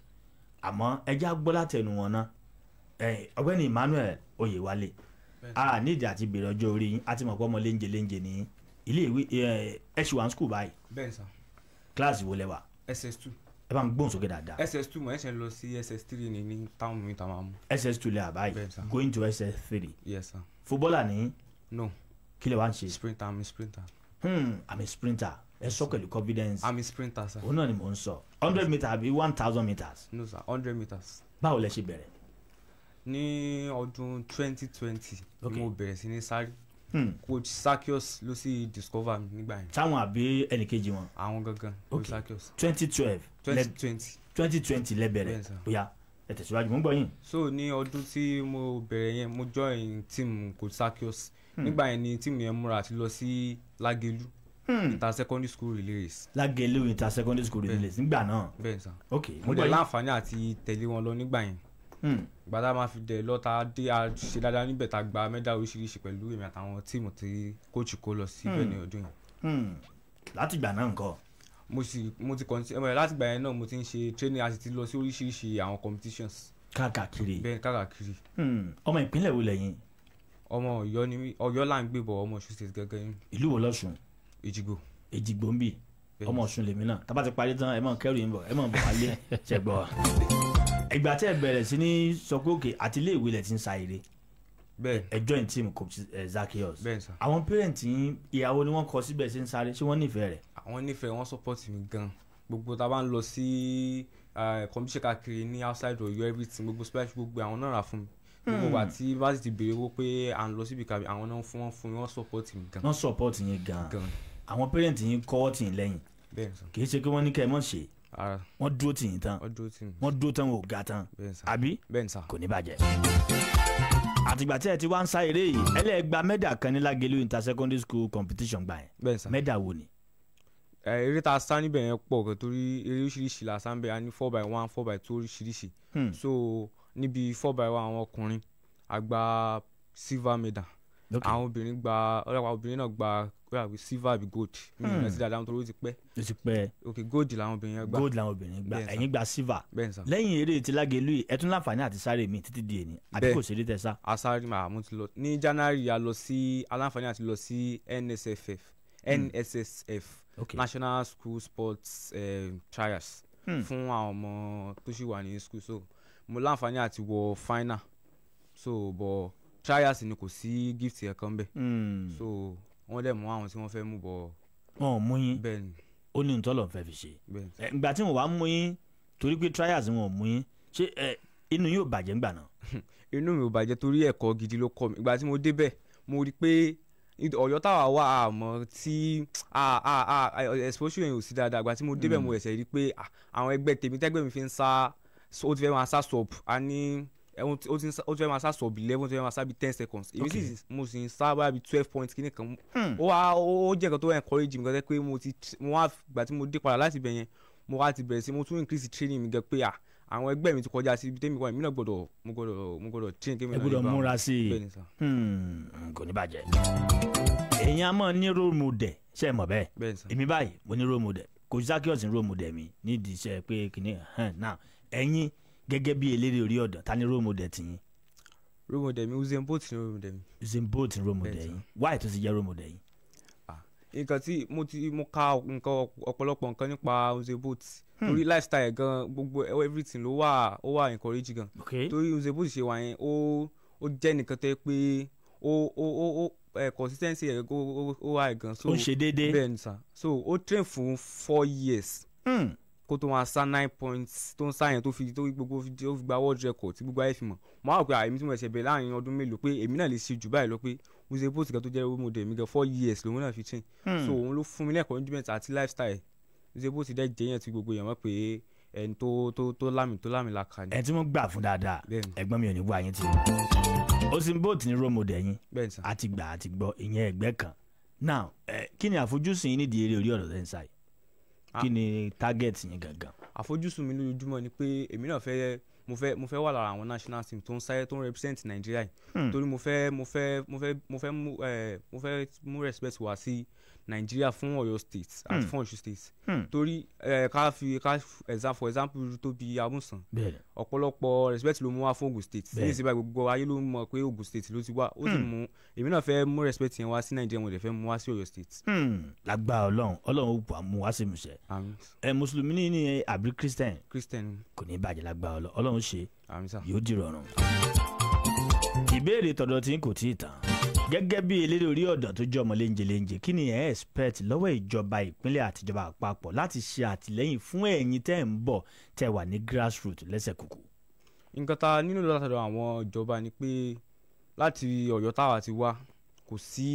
S2: àmọ́ ẹjẹ́ á gbọ́ látẹnu wọn ná ẹ̀yìn ọ̀gbẹ́ni Emmanuel Oyèwálé ara nídìí àti bèrè ọjọ́ orí yín á ti mọ̀ pé ọmọ léńjẹ léńjẹ ní ilé ìwé ẹ̀ school báyìí kíláàsì wo lẹ wà. ss two ẹ bá ń gbóhùn sókè dáadáa.
S1: ss two mo ẹ ṣe lọ sí ss three ni ní táwọn mi ta máa mú.
S2: ss two lè àbáyé going to ss three. yes sir. footballer ni. no. kí lè wá ṣe. sprinter i'm a sprinter. hmm i'm a sprinter ẹ sọ pẹ̀lú confidence. i'm
S1: a sprinter sir. òun náà
S2: ni mò ń sọ hundred meters àbí one thousand meters. no sir hundred meters. báwo lẹ ṣe bẹ̀rẹ̀.
S1: ní ọdún twenty twenty. ok mo bẹ̀rẹ̀ sí ní sáré Hmm. coach sakios ló sì discover mi nígbà yẹn. táwọn àbí ẹnìkejì wọn. àwọn gangan coach sakios.
S2: twenty twelve. twenty twenty. twenty twenty lẹ́bẹ̀rẹ̀ bóyá ẹ
S1: tẹ̀síwájú mo ń gbọ́ yín. so ní ọdún tí mo bẹ̀rẹ̀ yẹn mo join team coach sakios hmm. nígbà yẹn ni team yẹn múra àti lọ sí lagelu hmm. intersecondary school relays.
S2: lagelu secondary school relays nígbà náà.
S1: bẹ́ẹ̀ sá ok mo gbọ́ yín. mo dẹ̀ láǹfààní àti tẹ̀lé wọn lọ nígbà yẹn. Hmm. gbadá máa fi dẹ̀ lọ́ta dé a ṣe dáadáa níbẹ̀ tá a gba mẹ́dà oríṣiríṣi pẹ̀lú èmi àtàwọn tíìmù tí kóòtù kó lọ sí bẹ́ẹ̀ ní hmm. ọdún yẹn. Hmm. láti gbà náà nǹkan. mo sì mo ti kọ́ntì ẹ̀ eh, láti gbà yẹn náà mo ti ń ṣe training a sì ti lọ sí oríṣiríṣi àwọn competitions. káàkiri bẹ́ẹ̀ káàkiri. ọmọ ìpínlẹ̀ wo lẹ́yìn. ọmọ Ọ̀yọ́ ni mí Ọ̀yọ́ là ń gbé ọmọ Ọ̀ṣun state gẹ́gẹ́ ni. ìlú wo lọ́sùn. Èjìgbò. Èjìgbò ń bì ọmọ Ọ̀ṣun
S2: lèmi náà ìgbà tẹ́ ẹ bẹ̀rẹ̀ sí ní sọ pé òkè àti ilé ìwé lẹ̀ ti ń sa eré ẹ join team coach eh, Zaccheaus
S1: àwọn parent yín ìyàwó ni wọ́n kọ síbẹ̀ sí ń sáré ṣé wọ́n nífẹ̀ẹ́ rẹ̀. àwọn nífẹ̀ẹ́ wọ́n support mi gan gbogbo tá a bá ń lọ sí kọ̀míṣẹ́ eh, káàkiri ní outside Ọ̀yọ́ everything gbogbo splash gbogbo àwọn náà rà fún mi gbogbo wa hmm. tí varsity béèrè owó pé à ń lọ síbi kàbí àwọn náà fún wọn fún mi wọ́n support mi gan.
S2: wọ́n support yín gan àwọn parent yín kọ́wọ́ tì yín lẹ́yìn kì í ṣe pé wọ́n ní kẹ́ ẹ mọ̀ ṣe wọ́n dúró tì yín tán wọ́n dúró tán wọn ò ga tán àbí kò ní bàjẹ́. àtìgbà tí ẹ ti wá ń sá eré yìí ẹlẹ́ẹ̀gba mẹ́dà kan ní Lágelú intersecondary school competition gbà yẹn mẹ́dà wo ni.
S1: eré ta sá níbẹ̀ yẹn pọ̀ kan torí eré oríṣiríṣi la sá ń a ní four by one four by two oríṣiríṣi hmm. so níbi four by one àwọn ọkùnrin a gba silver medal àwọn obìnrin gba ọlọ́pàá obìnrin náà gba pé àbí silver àbí gold mi ò rántí hmm. dáadáa nítorí ó ti pẹ́. ó ti pẹ́. ok gold làwọn obìnrin yẹn gbà. gold làwọn
S2: obìnrin gbà ẹ̀yin gba silver.
S1: bẹ́ẹ̀ sàn. lẹ́yìn eré ti Lágelú yìí ẹ tún
S2: láǹfààní àti sáré mi títí di èní àbí kò ṣeré tẹ sá.
S1: asáré màá mo ti lọ ní January a lọ sí aláǹfààní àti lọ sí NSFF NSSF hmm. National School Sports eh, Trials hmm. fún àwọn ọmọ tó ṣì wà ní school so mo láǹfààní àti wọ final so bọ̀ trials ni kò sí gift yẹn kan bẹ́ẹ̀ hmm. so wọ́n dẹ̀ mú àwọn tí wọ́n fẹ́ mú bọ̀. wọn ò mú yín bẹ́ẹ̀ ni ó ní ntọ́lọ̀
S2: fẹ́ fi ṣe ìgbà tí wọn wá mú yín torí pé trials wọn ò mú yín ṣé inú
S1: yóò bàjẹ́ ńgbà náà. inú mi ò bàjẹ́ torí ẹ̀kọ́ gidi ló kọ́ mi ìgbà tí mo débẹ̀ mo rí pé ọ̀yọ́ táwa wà àmọ́ tí exposure yẹn ò sí dáadáa ìgbà tí mo débẹ̀ mm. mo ẹ̀sẹ̀ rí i pé àwọn ẹgbẹ́ tèmi tẹ́gbẹ́ mi fi ń sá ó ti fẹ́ máa sá stop a ní ẹ̀wọ̀n ó ti ó ti fẹ́ máa sá sọ̀bì eleven ó ti fẹ́ máa sá bi ten seconds èmi sì mo sì ń sá bá bi twelve points kíní kan hmm. ó wá ó jẹ́ nǹkan tó wá encourage mi kan pé mo ti mo wá gbà tí mo dé padà láti ibẹ̀ mo wá ti bẹ̀rẹ̀ sí mo tún increase training mi gan pé à àwọn ẹgbẹ́ mi ti kọjá sí ibi tẹ́mi kan èmi náà gbọ́dọ̀ mo gbọ́dọ̀ mo gbọ́dọ̀ train kémi náà nípa gbọ́dọ̀ múra sí i
S2: hmm, kò ní bàjẹ́ èèyàn máa ní role model ṣe mọ̀ bẹ́ẹ̀ èmi báyìí mo ní role model kò sí sákíọ̀sì role model mi nídìí iṣẹ́ pé kìnìún hàn náà ẹ̀yin gẹ́gẹ́ bí eléré orí ọ̀dàn ta ni role model tiyín. role model mi Usain Bolt ni role model mi. Usain Bolt ni role model yín why tó ti jẹ́ role model yín.
S1: Ah, nǹkan tí mo ti mo ka nǹkan ọ̀pọ̀lọpọ̀ nǹkan nípa Usain Bolt hmm. torí lifestyle gan gbogbo everything ló wà ó wà encourage gan torí Usain Bolt ṣe wà yẹn ó ó jẹ́ nìkan tẹ́ pé ó ó ó ó consistency ẹ̀ ó ó wà gan. ó ń ṣe déédéé bẹ́ẹ̀ ni sà so ó train fún four years. Mm kó tó máa sá nine points tó ń sá yẹn tó fi tó gbogbo tó fi gba world record tí gbogbo ayé fi mọ̀ mo máa rò pé àìmí tí mo ẹ̀sẹ̀ bẹ̀rẹ̀ láàrin ọdún mélòó pé èmi náà lè ṣe jù báyìí lọ pé mo ṣe bóòtù kan tó jẹ́ role model mi gan four years lòun náà fi change hmm. so òun ló fún mi lẹ́kọ̀ọ́ judgement àti lifestyle mo ṣe bóòtù dẹ́ jẹ́yàn tí gbogbo èèyàn mọ̀ pé ẹni tó tó tó lámì tó lámì làkà ni. ẹ
S2: tí wọ́n gbà fún dáadáa ẹ̀gbọ́n mi ò ní wá yín ti ó sì ń bóòtù ní role model yín àti gbà àti gbọ́ ìyẹn ẹ̀gbẹ́ kan now kí ni àfojúsùn yín nídìí eré orí ọ̀rọ̀ lẹ́ńsáì kí ah. ni target yẹn gangan.
S1: àfojúsùn mi lójoojúmọ́ ni pé èmi náà fẹ́ mo fẹ́ mo fẹ́ wà lára àwọn national team tó ń sáré tó ń represent Nigeria yìí hmm. torí mo fẹ́ mo fẹ́ mo fẹ́ mo fẹ́ mú ẹ eh, mo fẹ́ mú respect wá sí Nigeria fún Ọ̀yọ́ state àti hmm. fún Ọ̀ṣun state hmm. torí ẹ eh, ká fi ká ẹza for example tó bi Amúsàn ọ̀pọ̀lọpọ̀ respect ló mú wá fún Ògùn state ní ìsìnbà gbogbo ayé ló mọ̀ pé Ògùn state ló ti wá ó sì mú èmi náà fẹ́ mú respect yẹn wá sí Nigeria mo dẹ̀ fẹ́ mú wá sí Ọ̀yọ́ state.
S2: lágbára Ọlọ́run Ọlọ́run ó bù àmú wá sí mi ẹ eh, mùsùlùmí ni àbí christian kò ní bàjẹ́ lágbára Ọlọ́run ọlọ́run ṣe yóò dìrọ̀rùn. ìbéèrè tọ̀dọ̀ tí kò tí ì tán gẹ́gẹ́ bí eléré orí ọ̀dọ̀ tó jẹ́ ọmọ léńjẹ léńjẹ kí ni ẹ̀ expect lọ́wọ́ ìjọba ìpínlẹ̀ àtijọba àpapọ̀ láti ṣe àtìlẹ́yìn fún ẹ̀yin tẹ́ ń bọ̀ tẹ́ wà ní grassroot lẹ́sẹ̀
S1: nǹkan ta nílò látọ̀dọ̀ àwọn ìjọba ni pé láti ọ̀yọ́ táwa ti wá kò sí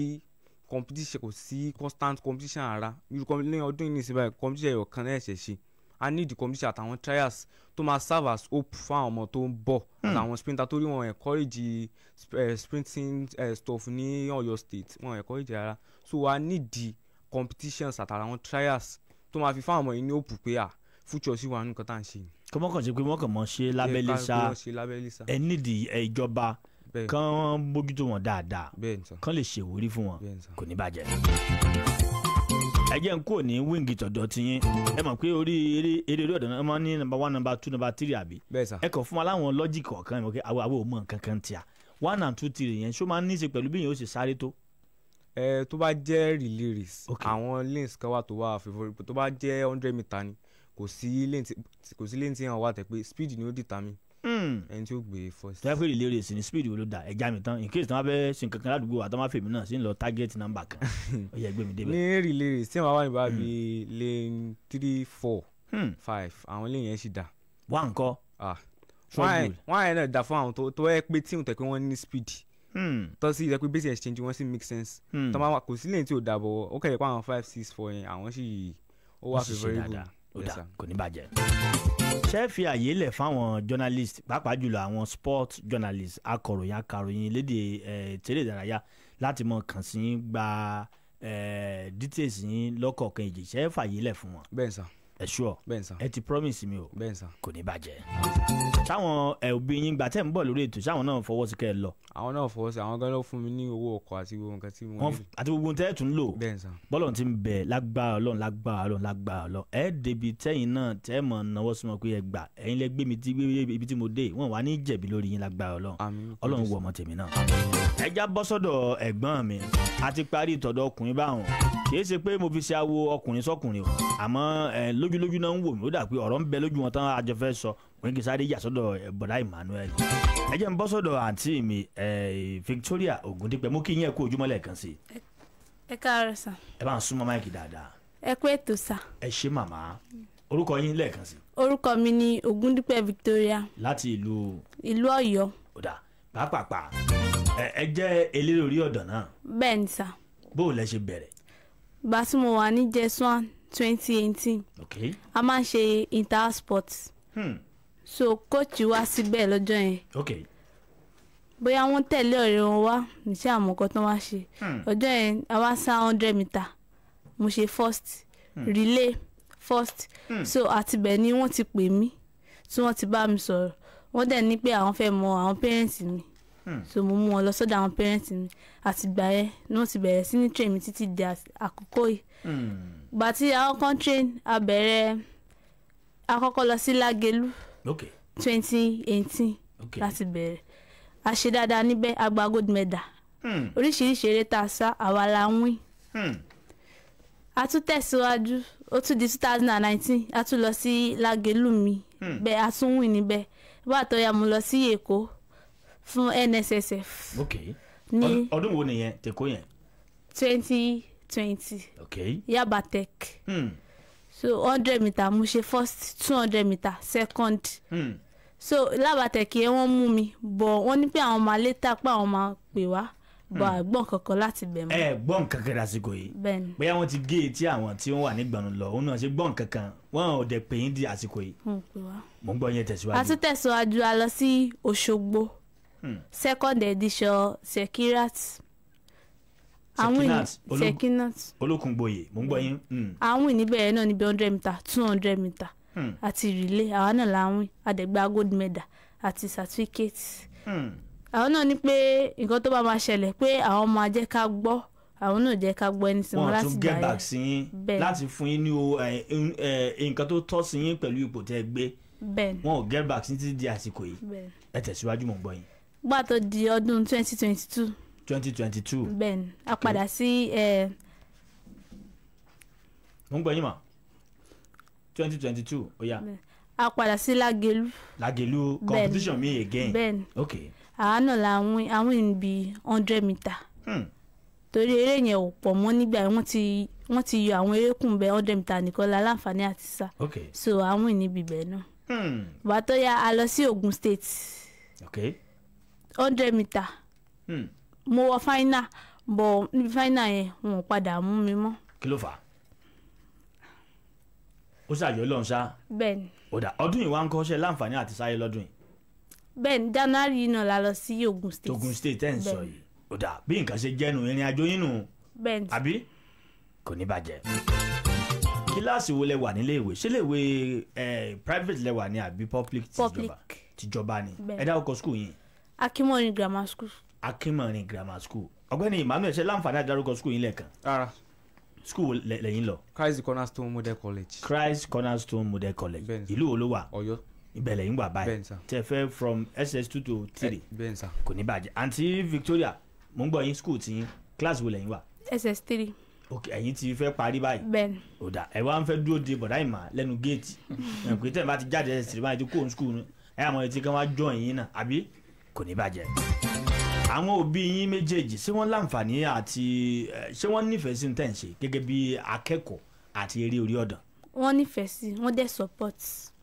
S1: competition kò sí constant competition ara ní ọdún yìí ní ìsinmi competition ẹ̀yọ̀ kan náà ṣẹ̀ṣẹ̀ a need competition àtàwọn trials tó máa serve as hope fún àwọn ọmọ tó ń bọ̀ àtàwọn hmm. sprinter torí wọn encourage uh, sprinting eh, stuff ní Ọ̀yọ́ state wọn encourage rárá so a need competitions àtàwọn trials tó máa fi fún àwọn ọmọ yìí ní hope pé à ah, future sí wa nǹkan tá à ń ṣe. kọ́mọ́kàn ṣe
S2: pé wọ́n kàn mọ́ ṣe lábẹ́lẹ́ sá ẹ nídìí ìjọba kán bójútó wọn dáadáa kán lè ṣèwúrí fún wọn kò ní
S1: bàjẹ́
S2: ẹ jẹ́ n kúrò ní wíńgì tọ̀dọ̀ tiyín ẹ mọ̀ pé orí eré eré orí ọ̀dọ̀ náà máa ń ní nọ́mbà one number two number three àbí ẹ kàn fún wa láwọn lọ́jìkì ọ̀kan ìmọ̀ pé àwọn àwọn òmùọ̀ kankan tíya one and two three yẹn ṣó máa ń ní í ṣe pẹ̀lú bí yẹn ó ṣe sáré tó.
S1: ẹ tó bá jẹ́ relay race àwọn lanes kan wà tó wà favourite tó bá jẹ́ hundred meter ni kò sí lane tí hàn wà tẹ̀ pé speed ni ó determine Hmm. ẹni tí ó gbé first.
S2: tọ́yà fèrè léèrè sí ni speed wo ló da ẹja mi tán in case tí wọ́n bẹ́ sin kankan ládùúgbò àtọ́ máa fèmí náà sí ń
S1: lọ target number kan ó yẹ gbé mi débẹ̀. ní èrè léèrè sí àwọn àwọn ìbá bíi lane three four hmm. five àwọn lane yẹn sì da. wá nǹkan. wọ́n àyẹ̀ náà da fún àwọn tó ẹ pé tí òun tẹ̀ pé wọ́n ní speed tọ́ sí ìrẹ́pẹ́ basic exchange wọ́n sì make sense hmm. tọ́ máa kò sí lẹ́yìn tí ò dàbọ̀ ó kẹ̀lé five six four yẹn àwọn sì ó wà favourable ó dà kò ní bàjẹ́.
S2: ṣé fi àyè lẹ̀ fáwọn journalist pàápàá jùlọ àwọn sport journalist akọ̀ròyìn akàròyìn lédè tẹ̀lé ìdárayá láti mọ̀ kàn sí gba details yín lọ́kọ̀ọ̀kan èjì ṣé fàyè lẹ̀ fún wọn. bẹ́ẹ̀ sàn ẹ ṣúọ ẹ ti promise mi o kò ní bàjẹ́. sáwọn ẹbí yín
S1: gbà tẹ́ ń bọ̀ lórí ètò sáwọn náà fọwọ́ sí kẹ́ ẹ lọ. àwọn náà fọwọ́ sí àwọn gan ló fún mi ní owó ọkọ̀ àti gbogbo nǹkan tí mo ní.
S2: àti gbogbo tẹ́ ẹ tún lò bọ́lọ̀ ti ń bẹ̀ lágbára ọlọ́run lágbára ọlọ́run lágbára ọlọ́run ẹ débi tẹ́yìn náà tẹ́ ẹ mọ̀ náwó sí pé ẹ gbà ẹ̀yin lẹ mi tí ibi kìí ṣe pé mo fi ṣe awo ọkùnrin sọkùnrin o àmọ́ lójúlójú náà ń wò mí ó dà pé ń bẹ lójú wọn tán àjọfẹ́ sọ wọn kì í sáré yà sọ́dọ̀ bọ̀dá Emmanuel ẹ jẹ́ n bọ́ sọ́dọ̀ àǹtí mi Victoria Ògúndípẹ̀ mo kí yín ẹ kú ojúmọ́ lẹ́ẹ̀kan sí i. ẹ káàárọ̀ sà. ẹ bá ń súnmọ́ máìkì dáadáa.
S4: ẹ kú ètò sà.
S2: ẹ ṣé màmá orúkọ yín lẹ́ẹ̀kan sí.
S4: orúkọ mi ni Ògúndípẹ̀ Victoria.
S2: láti ìlú.
S4: ìlú Ọ̀yọ́. ó
S2: dà pàápàá ẹ jẹ́ eléré orí ọ̀dọ̀ náà. bẹ́ẹ̀ ni sà. bó o lẹ ṣe bẹ̀rẹ̀
S4: ìgbà tí mo wà ní JS1 2018 okay. a máa ń ṣe inter sports hmm. so coach wá síbẹ̀ lọ́jọ́ yẹn okay. bóyá wọ́n tẹ̀lé ọ̀rẹ́ wọn wá níṣẹ́ àmọ́kọ́ tán wá ṣe hmm. ọjọ́ yẹn a wá sá hundred meter mo ṣe first hmm. relay first hmm. so àtibẹ̀ ni wọ́n ti pè mí tí wọ́n ti bá mi sọ̀rọ̀ wọ́n dẹ̀ ní pé àwọn fẹ́ mọ àwọn parents mi Hmm. so mo mú wọn lọ sọ́dọ̀ àwọn pẹ́rẹ́ǹtì mi àtìgbà yẹn ni wọ́n ti bẹ̀rẹ̀ sí ní train mi títí di àkókò yìí hmm. gbà tí àkọ́kọ́ train a bẹ̀rẹ̀ àkọ́kọ́ lọ sí Lágelú twenty eighteen láti bẹ̀rẹ̀ a ṣe dáadáa níbẹ̀ a gba gold medal hmm. oríṣiríṣi eré tá a sá àwa la ń win a tún tẹ̀síwájú ó tún di two thousand and nineteen a tún lọ sí Lágelú mi bẹ́ẹ̀ a tún win níbẹ̀ bá a tọ́ ya mo lọ sí Èkó fún nssf.
S2: ok ọdún wo nìyẹn tèkó yẹn.
S4: twenty twenty. ok yaba tech. Hmm. so hundred meter mo ṣe first two hundred meter second. Hmm. so labatẹ̀kì yẹn wọ́n mú mi bọ̀ wọ́n ní pé àwọn máa létà pé àwọn máa pè wá bọ̀ àgbọ̀n hmm. kankan láti bẹ̀ mọ́. ẹ
S2: gbọ́n kankan lásìkò yìí bẹ́ẹ̀ni bóyá wọ́n ti gé etí àwọn tí wọ́n wà ní gbọ̀nù lọ òun náà ṣe gbọ́n kankan wọ́n ò dẹ̀ pè yín di àsìkò yìí. mo ń gbọ́ yẹn tẹ̀síwájú. a tún
S4: tẹ̀síwájú a lọ sí Òṣogbo. Hmm. second edition sekirat
S2: àwọn sekinat olókùngbòye mò ń gbọ́ yín. Hmm. Hmm.
S4: àwọn ìníbẹ̀rẹ̀ náà níbi hundred meter two hundred meter àti relay àwọn náà làwọn àdẹ̀gbà gold medal àti certificate. àwọn náà ní pé nǹkan tó bá máa ṣẹlẹ̀ pé àwọn máa jẹ́ ká gbọ́ àwọn náà jẹ́ ká gbọ́ ẹni sí láti gbà yẹn wọn tún get back
S2: sí yín láti fún yín ní nǹkan tó tọ́ sí yín pẹ̀lú ipò tẹ́ gbé wọn ò get back sí títí di àsìkò yìí ẹ tẹ̀síwájú mò ń gbọ́ yín
S4: gbà tó di ọdún twenty twenty two.
S2: twenty twenty two.
S4: bẹ́ẹ̀ni a padà sí.
S2: mo ń gbọ́ yín mọ̀ twenty twenty two ó yá.
S4: a padà sí Lagelu.
S2: Lagelu competition ben. mi again. bẹ́ẹ̀ni
S4: okay. àwa náà la win a win bí hundred meter. Hmm. torí eré yẹn ò pọ̀ mọ́ nígbà yẹn wọ́n ti wọ́n ti yọ àwọn erékùn bẹ́ẹ̀ hundred meter nìkan la láǹfààní àti sá. okay so a win níbi bẹ́ẹ̀ náà. Hmm. bàtọ́ ya a lọ sí Ogun State. okay hundred meter hmm. mo wọ final bọ̀ níbi final yẹn wọn padà mú mi mọ́.
S2: kí ló fà á ó ṣàyọ lọ́n ṣá. bẹ́ẹ̀ni. ọ̀dà ọdún yìí wá ń kọ́ṣẹ́ láǹfààní àti sáyé lọ́dún yìí.
S4: bẹ́ẹ̀ni january yìí náà la lọ sí Ògùn state. Ògùn state tẹ́ ń sọ yìí
S2: ọ̀dà bí nǹkan ṣe jẹ́nu ìrìn àjò yín nù. bẹ́ẹ̀ni. àbí kò ní bàjẹ́. kíláàsì wo lẹ wà nílé ìwé ṣé lè wé eh, private lẹ wà ní àbí public tìjọba tìjọba ni ẹ dá ọkọ school yìí
S4: akínmọ̀rin grammar school.
S2: akínmọ̀rin grammar school ọ̀gbẹ́ni emmanuel ṣe láǹfààní àdárúkọ school yín lẹ́ẹ̀kan. rárá school lẹ́yìn lọ. christ cornerstone model college. christ cornerstone model college ìlú wo ló wà. ọ̀yọ́ ìbẹ̀lẹ̀ yín wà báyìí tẹ fẹ́ from ss two to three kò ní bàjẹ́ àǹtí victoria mò ń gbọ́ yín school ti yín class wo lẹ́yìn wà.
S4: ss three.
S2: ok ẹ̀yin ti fẹ́ pari báyìí. bẹ́ẹ̀ni. ò dà ẹ wá ń fẹ́ dúró de bọ̀dá ìmọ̀ lẹ́nu géètì ẹ̀ pé tẹ̀ bá ti jáde ss three báyìí ti kó òun school ẹ̀ àmọ́ etí kan wá jọ ìyín náà àbí kò ní bàjẹ́ àwọn òbí yín méjèèjì ṣé wọ́n láǹfààní àti ṣé wọ́n nífẹ̀ẹ́ sí ní ṣe gẹ́gẹ́ bí akẹ́kọ̀ọ́ àti eré orí ọ̀dàn.
S4: wọ́n nífẹ̀ẹ́ sí wọ́n dẹ̀ support.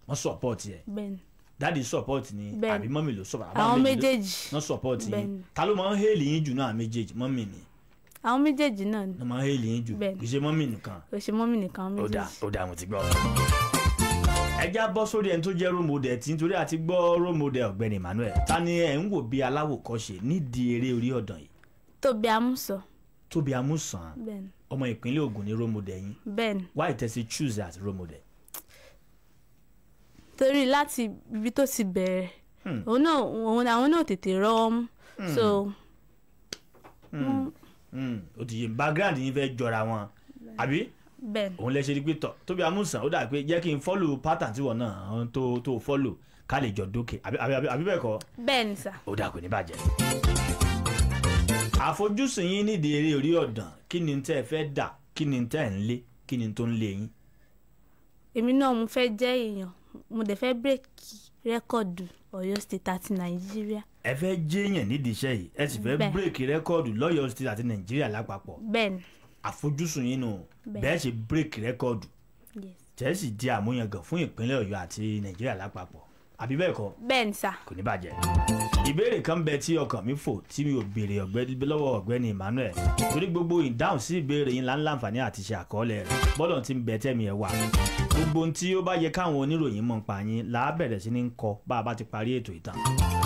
S2: wọ́n support yẹ. bẹ́ẹ̀ni. dáàdi support ni àbí mọ́mì ló support. àwọn méjèèjì wọ́n support yín ta ló máa ń hèlì yín jù náà méjèèjì mọ́mì ni.
S4: àwọn méjèèjì náà ni.
S2: wọ́n máa ń hèlì yín jù kì í ṣe mọ́mì nìkan.
S4: kì í ṣe mọ́mì nìkan méjèèjì. ó dà
S2: ó dà mo ti gbọ́ ẹja bọ́ sórí ẹni tó jẹ́ role model tí nítorí àti gbọ́ role model ọ̀gbẹ́ni Emmanuel ta ni ẹ̀ ń wò bí aláwòkọ́ṣe nídìí eré orí ọ̀dàn yìí. Tóbi Amúsàn. Tóbi Amúsàn ọmọ ìpínlẹ̀ Ògùn ni role model yín. bẹ́ẹ̀ni. why tẹ̀sí choose as role model.
S4: torí láti ibi tó ti bẹ̀rẹ̀ hmm. òun náà òun àwọn náà tètè rọ́ ọ́n hmm. so. ó hmm.
S2: ti yé background yín fẹ́ jọra wọn àbí bẹ́ẹ̀ni. òun lẹ ṣe rí pé tọ Tóbi Amusan ó dà pé jẹ́ kí n fọ́lù pátà tiwọn náà tó tó fọ́lù ká lè jọ dókè àbí bẹ́ẹ̀ kọ́.
S4: bẹ́ẹ̀ni sà. ó dà kò ní
S2: bàjẹ́. àfojúsùn yín nídìí eré orí ọ̀dàn kí ni tẹ́ ẹ fẹ́ dà kí ni tẹ́ ẹ ń lé kí ni tó ń lé yín.
S4: èmi náà mo fẹ́ jẹ́ èèyàn mo dẹ̀ fẹ́ bírèkì rẹ́kọ̀dù Ọ̀yọ́ state àti Nàìjíríà.
S2: ẹ fẹ́ jẹ́yàn nídìí iṣẹ́ yìí ẹ sì fẹ́ bírèkì rẹ́kọ̀dù lọ́yọ̀ state àti Nàìjíríà lápapọ̀. bẹ́ẹ̀ni àfojúsùn yín nù bẹ́ẹ̀ ṣe break rẹ́kọ̀dù tẹ́sí di àmúyangàn fún ìpínlẹ̀ Ọ̀yọ́ àti Nàìjíríà lápapọ̀ àbí bẹ́ẹ̀ kọ́.
S4: bẹ́ẹ̀ ni sà. kò ní bàjẹ́.
S2: ìbéèrè kan bẹ tí ọkàn mi fò tí mi ò béèrè ọ̀gbẹ́ni lọ́wọ́ ọ̀gbẹ́ni Emmanuel torí gbogbo ìdáhùn sí ìbéèrè yín láńláǹfààní àti ṣe àkọọ́lẹ̀ rẹ̀ bọ́dọ̀ tí ń bẹ tẹ́mi ẹ̀ wà. gbogbo ohun tí ó bá yẹ káwọn oníròyìn mọ̀ ń pa yín là á bẹ̀rẹ̀ sí ní ń kọ bá a bá ti parí ètò ìtàn.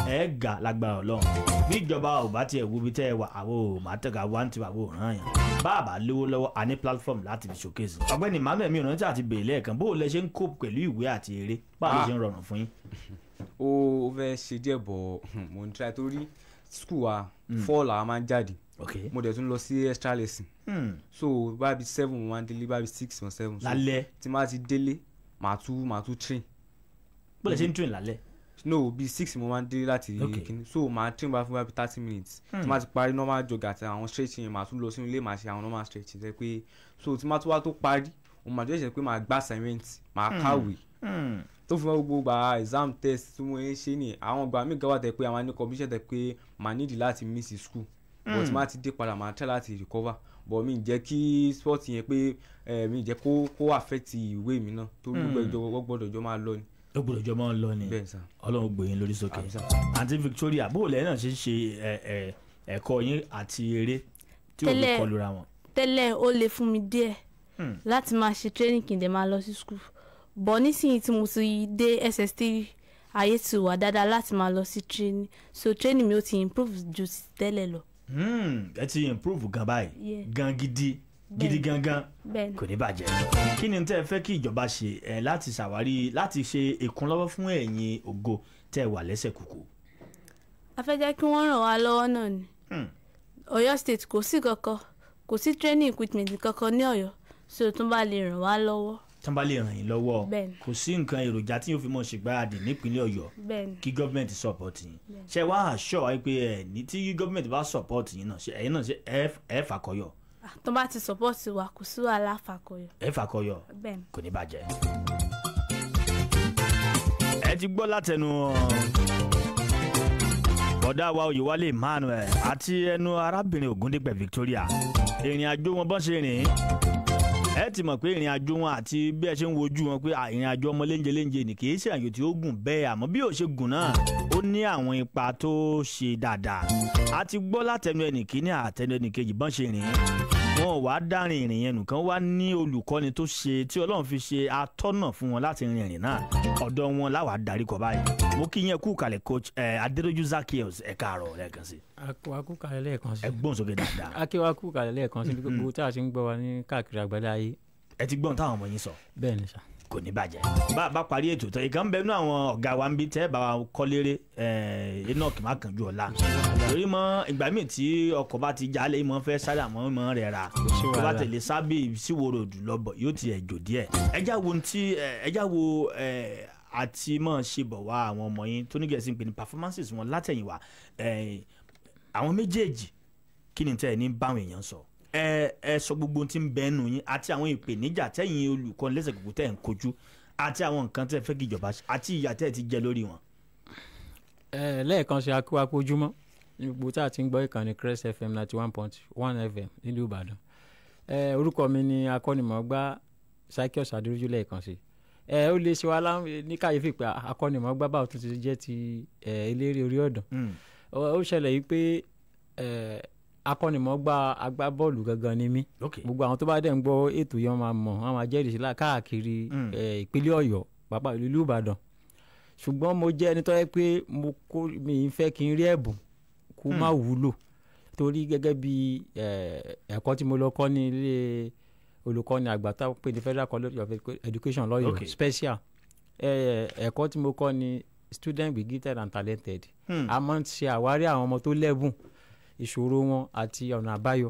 S2: ẹ gà lágbára Ọlọ́run bí ìjọba ò bá tiẹ̀ wúbi tẹ́ ẹ wà àwo màá tẹ̀ka wá ní tiwa wò ràn yàn bá lówó lọ́wọ́ a ní platform láti fi showcase. ọ̀gbẹ́ni Emmanuel mi ò rántí àti bèèlè ẹ̀kan bó o lẹ ṣe
S1: ń kó pẹ̀lú ìwé àti eré báwo ló ṣe ń rọrùn fún yín ó fẹ́ ṣe díẹ̀ bọ̀ hmm, mo ń try torí school wa hmm. fall. la man, ń jáde mo dẹ̀ tún lọ sí extra lesson hmm. so bá bi seven mo máa délé bá bi six or seven so tí máa ti délé màá tún màá tún train. bọ́lá ṣe ń train lálẹ́. no bi six mo máa ń délé láti kíní so màá train bá fún bá bi thirty minutes tí máa ti parí normal jog àti àwọn stretching yẹn màá tún lọ sínú ilé màá ṣe àwọn normal stretching ṣe pé so tí máa tún wá tó parí òun màá tó ṣe pé màá gbá assignment màá kàwé tó fi mọ́ gbogbo gba exam test tí mo ń ṣe nìyẹn àwọn ìgbà mi gan wà tẹ pé àwọn ní competition tẹ pé màá nídìí láti miss school but má hmm. ti dé padà màá try láti recover but mi jẹ́ kí sport yẹn pé mi jẹ́ kó kó affect ìwé mi náà tó gbogbo hmm. gbọ́dọ̀ jọ máa lọ ni.
S2: ó gbọ́dọ̀ jọ máa lọ ni Ọlọ́run gbòyìn lórí sókè àǹtí Victoria bó lẹ́yìn náà ṣe ń ṣe ẹ̀kọ́ yín àti eré tí ò lè kọlura
S4: wọn. tẹ́lẹ̀ ó le fún mi díẹ̀ hmm. láti máa ṣe training kí n dẹ̀ máa lọ sí school bọ̀ nísìnyí tí mo ti dé ss3 ayé ti wà dáadáa láti máa lọ sí training so training mi ò ti improve ju ti tẹ́lẹ̀ lọ.
S2: Hmm, ẹ ti improve gan báyìí gan gidi gidi gangan kò ní bàjẹ́ kí ni tẹ́ ẹ fẹ́ kí ìjọba ṣe ẹ láti ṣàwárí láti ṣe ìkúnlọ́wọ́ fún ẹ̀yin ògo tẹ́ ẹ wà lẹ́sẹ̀ kúkú.
S4: a fẹ́ jẹ́ kí wọ́n ràn wá lọ́wọ́ náà ni hmm. Ọ̀yọ́ state kò sí kankan kò sí training equipment kankan ní Ọ̀yọ́ so tún bá lè ràn wá lọ́wọ́.
S2: Tambale bá lè ràn yín lọ́wọ́ kò sí nǹkan èròjà tí yóò fi mọ̀ ṣègbáradì nípínlẹ̀ ọ̀yọ́ kí gọ́ọ̀mẹ̀ntì sọ̀pọ̀tì yín ṣe wá àṣọ pé ẹ ní tí gọ́ọ̀mẹ̀ntì bá sọ̀pọ̀tì yín náà ẹ̀yin náà ṣe ẹ fàkọyọ.
S4: Ah, tó bá ti sọ̀pọ̀tì wa kò sí wàhálà fàkọyọ.
S2: ẹ fàkọyọ kò ní bàjẹ́. ẹ ti gbọ́ látẹnu bọ̀dá wa Oyèwálé Emmanuel àti ẹnu arábìnrin Ògúndípẹ̀ Victoria ìrìn àjò wọn bọ́n ṣe rìn ẹ ti mọ̀ pé ìrìn àjò wọn àti bí ẹ ṣe ń wojú wọn pé ìrìn àjò ọmọ léńjẹ léńjẹ nì kìí ṣe àjò tí ó gùn bẹ́ẹ̀ àmọ́ bí ó ṣe gùn náà ó ní àwọn ipa tó ṣe dáadáa a ti gbọ́ látẹnu ẹnì kíní àtẹnu ẹnì kejì bọ́n ṣe rìn wọn ò wá dárin ìrìn yẹn nìkan wá ní olùkọ́ni tó ṣe tí ọlọ́run fi ṣe atọ́nà fún wọn láti rin ìrìn náà ọ̀dọ̀ wọn láwàá darí kọ báyìí mo kí yẹn kú kalẹ̀ coach adédọ́jú
S3: zakios ẹ káàárọ̀ lẹ́ẹ̀kan sí. akiwaku kalẹ̀ lẹ́ẹ̀kan sí. ẹ sókè dáadáa. akiwaku kalẹ̀ lẹ́ẹ̀kan sí gbogbo mm-hmm. tá a ti ń gbọ́ wa ní káàkiri àgbáláyé. ẹ ti gbọ́n táwọn ọmọ yín sọ. bẹ́ẹ̀ ni sà kò ní
S2: bàjẹ́ bá a bá parí ètò tán ìkànnì bẹ́ẹ̀ nú àwọn ọ̀gá wa ń bí tẹ́ bá wa kọ́ léré eh, enoch má kàn ju ọ̀la torí mọ ìgbà míì tí ọkọ̀ bá ti jalè mọ fẹ́ sáré àmọ́ mọ rẹ̀ ra tó bá tẹ̀lé sábì síwòrò lọ́bọ̀ yóò ti ẹ̀jò díẹ̀ ẹjá wo ti ẹjá wo àti mọ̀ ṣe bọ̀ wá àwọn ọmọ yín tó ní gẹ̀ẹ́sì ń pè ní performances wọn látẹ̀yìnwá àwọn méjèèjì kí ni tẹ́ ẹ ní báwọn èèyàn sọ ẹ ẹ sọ gbogbo tí ń bẹ nù yín àti àwọn ìpèníjà tẹ̀yin olùkọ́ lẹ́sẹ̀ gbogbo tẹ̀ ń kojú àti àwọn nǹkan tẹ̀ fẹ́ kí ìjọba ṣe àti ìyà tẹ̀ ti jẹ lórí wọn.
S3: ẹ lẹ́ẹ̀kan ṣe akúwakú ojúmọ́ gbogbo tá a ti ń gbọ́ ìkànnì Crest FM ninety one point one FM nílùú Ìbàdàn ẹ orúkọ mi ni akọ́nìmọ̀gbá Cycus adúrójú lẹ́ẹ̀kan sí ẹ ó lè ṣe wa ní kàyéfì pé akọ́nìmọ̀gbá báwo tó ti jẹ́ ti eléré orí ọ̀dàn hmm. ó ṣẹlẹ̀ yìí pé akọ́nimọ̀gbà agbábọ́ọ̀lù gangan ni mí gbogbo àwọn tó bá dẹ̀ ń gbọ́ ètò yẹn máa mọ̀ wọn máa jẹ́rìí sí káàkiri mm. ìpínlẹ̀ ọ̀yọ́ pàápàá ìlú ìbàdàn ṣùgbọ́n mo jẹ́ ẹni tó yẹ pé mo kó mi fẹ́ kí n rí ẹ̀bùn kó mm. má wúlò torí gẹ́gẹ́ bí ẹ̀kọ́ tí mo lọ kọ́ ní ilé olùkọ́ni àgbà tá a pè ní federal college of education lọ́yọ̀ special ẹ̀kọ́ tí mo kọ́ ní student be gifted and talented hmm. a máa ń ṣe àwárí àwọn ọmọ tó lẹ́bùn ìṣòro wọn àti ọ̀nà àbáyọ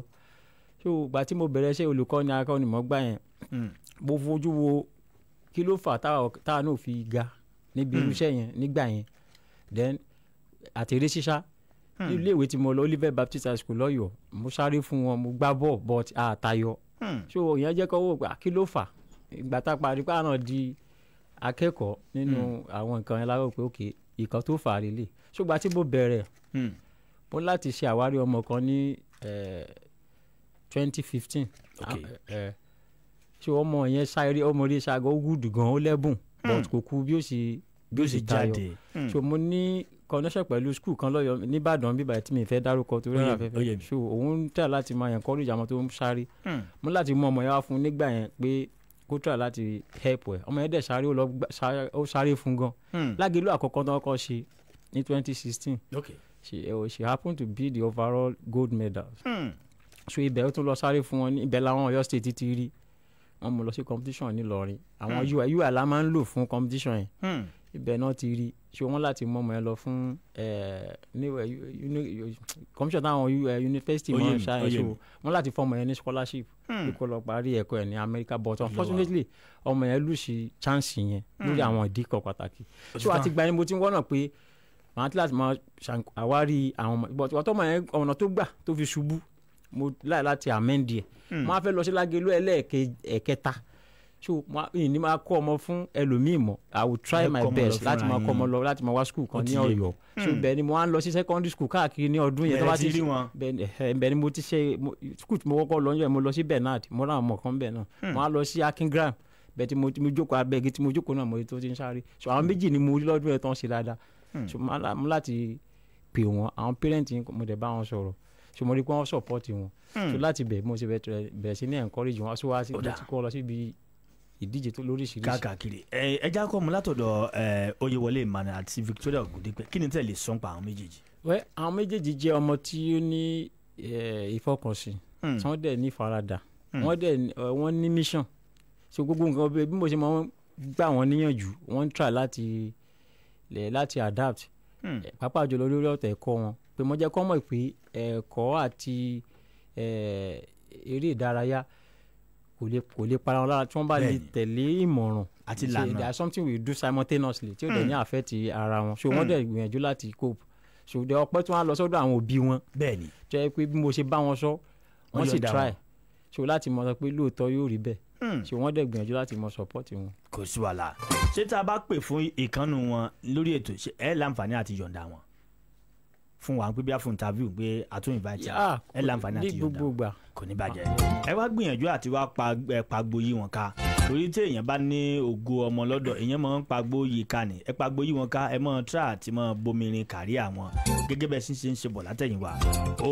S3: so ìgbà tí mo bẹ̀rẹ̀ iṣẹ́ olùkọ́ni akọ́nimọ̀gbà yẹn hmm. mo fojú wo kí ló fà táwa náà fi ga níbi irú hmm. yẹn nígbà yẹn then àtẹ̀rẹ́ ṣíṣá hmm. ní iléèwé tí mo lọ Olivet Baptist High School lọ́yọ̀ọ́ mo sáré fún wọn mo gbá bọ̀ but àtayọ so ìyẹn jẹ́ kọ́wọ́ gbà kí ló fà ìgbà tá a parí pa náà di akẹ́kọ̀ọ́ nínú àwọn nǹkan yẹn láwọ̀ pé ok ìkan tó fà á rèé lè ṣùgbọ́n àti mo bẹ̀rẹ̀ mo láti ṣe àwárí ọmọ kan ní twenty fifteen ṣé ah, ọmọ yẹn ṣáíré ọmọ rí ṣaago ó gùdù gan ó lẹ́bùn hmm. but kò kú bí ó ṣe bí ó ṣe jáde hmm. so mo ní connection pẹ̀lú school kan lọ́yọ̀ nìbàdàn bíbà tí mi fẹ́ dárúkọ torí ọ̀nà fẹ́fẹ́ so òun ń tà láti máa encourage àwọn tó ń sáré hmm. mo láti mú ọmọ yẹn wá fún nígbà yẹn pé kó tà láti help ẹ ọmọ yẹn dẹ̀ sáré ó sáré fún gan lágẹ̀lú àkọ́kọ́ tó kọ́ ṣe ní twenty sixteen she uh, she happened to be the overall gold medal. Mm. so ibẹ̀ ó tún lọ sáré fún wọn ibẹ̀ làwọn Ọ̀yọ́ state ti rí wọn mú lọ sí competition nílọrin àwọn hmm. ui ui la máa ń lò fún competition yẹn hmm. ibẹ̀ náà ti rí ṣé wọ́n láti mọ ọmọ yẹn lọ fún eh, eh, commission táwọn university máa ń ṣàyẹn so wọ́n láti fọmọ yẹn ní scholarship hmm. kó lọ parí ẹ̀kọ́ ẹ̀ ní America but unfortunately ọmọ yẹn lùsì chance yẹn lórí hmm. àwọn ìdí kan pàtàkì so àtìgbà yẹn mo ti ń wọ́nà pé màá ti láti máa ṣàwárí àwọn ọmọ ìbọn ọtọ ọmọ yẹn ọ̀nà tó gbà tó fi ṣubú mo láì láti amẹ́ndì ẹ̀ mo hmm. fẹ́ lọ sí lágelú ẹlẹ́ẹ̀kẹta so ní máa kọ́ ọmọ fún ẹlòmíì mọ́ i will try my best láti máa kọ́ ọmọ lọ láti máa wá school kan ní Ọ̀yọ́ so hmm. bẹ́ẹ̀ ni mo á ń lọ sí secondary school káàkiri ní ọdún yẹn tó bá ti rí wọn bẹ́ẹ̀ ni mo ti ṣe school tí mo kọ́kọ́ lọ yẹn mo lọ sí Bernard mo ràn ọmọ kan bẹ́ẹ̀ náà mo hmm. á lọ sí Akingram bẹ́ẹ̀ tí mo jókòó abẹ́gi tí mo jókòó náà mo tó ti ń sáré so àwọn méjì ni mo rí lọ́dún ẹ̀ tán ṣe dáadáa Hmm. so mo láti pè wọn àwọn parent mo dẹ̀ bá wọn sọ̀rọ̀ so mo rí i pé wọ́n support wọn so hmm. láti bẹ̀ mo ṣe bẹ̀rẹ̀ sí ní encourage wọn so wá sí kó lọ síbi ìdíje tó lóríṣiríṣi. káàkiri
S2: ẹ já kọ́ mu látọ̀dọ̀ Oyèwọlé Emmanuel àti Victoria Ogundipe kí ni tẹ̀ lè sọ́n pa àwọn méjèèjì.
S3: wẹ́ àwọn méjèèjì jẹ́ ọmọ tí ó ní ìfọkànsìn hmm. tí wọ́n dẹ̀ ní ìfaradà wọ́n dẹ̀ wọ́n ní mission so gbogbo nǹkan bí mo ṣe máa ń gbà wọ́n níyànjú wọ́n ń try láti le láti adapt hmm. eh, pàápàá jùlọ lórí ọ̀tọ̀ ẹ̀kọ́ wọn pé mo jẹ́ kọ́ mọ̀ pé ẹ̀kọ́ àti eh, eré ìdárayá kò lè kò lè para wọn lára tí wọ́n bá lè tẹ̀lé ìmọ̀ràn àti lànà there is something we do simultaneously tí ó dẹ̀ ní àfẹ́tì hmm. ara wọn so wọ́n hmm. dẹ̀ gbìyànjú láti cope so dẹ̀ ọpẹ́ tí wọ́n á lọ sọ́dọ̀ àwọn òbí wọn bẹ́ẹ̀ni tó yẹ wọ́n sì try so láti mọ̀ sọ pé lóòótọ́ yóò rí bẹ́ẹ̀ Hmm. ṣé wọ́n dẹ̀ gbìyànjú láti mọ sọ́pọ́ọ̀tì wọn. kò sí wàhálà ṣé tá a bá pè fún ìkànnù wọn lórí ètò ẹ láǹfààní àti yọ̀ǹda wọn
S2: fún wa pé bí a fún interview pé a tún invite ẹ láǹfààní àti yọ̀ǹda kò ní bàjẹ́ ẹ wá gbìyànjú àti wá pagbo yí wọn ká torí tí èèyàn bá ní ògo ọmọ lọ́dọ̀ èèyàn máa ń pagbo yí ká ni ẹ pagbo yí wọn ká ẹ máa tíra àti máa bomirin kárí àwọn gẹ́gẹ́ bẹ́ẹ̀ sì ń ṣe bọ̀ látẹ̀yìnwá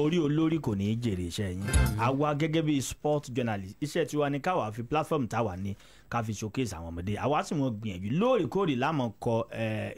S2: orí olórí kò ní í jèrè iṣẹ́ yín àwa gẹ́gẹ́ bíi sport journalist iṣẹ́ tiwa ni káwa fi platform táwa ní ká fi showcase àwọn ọmọdé àwa sì wọ́n gbìyànjú lóòrèkóòrè láàmú kọ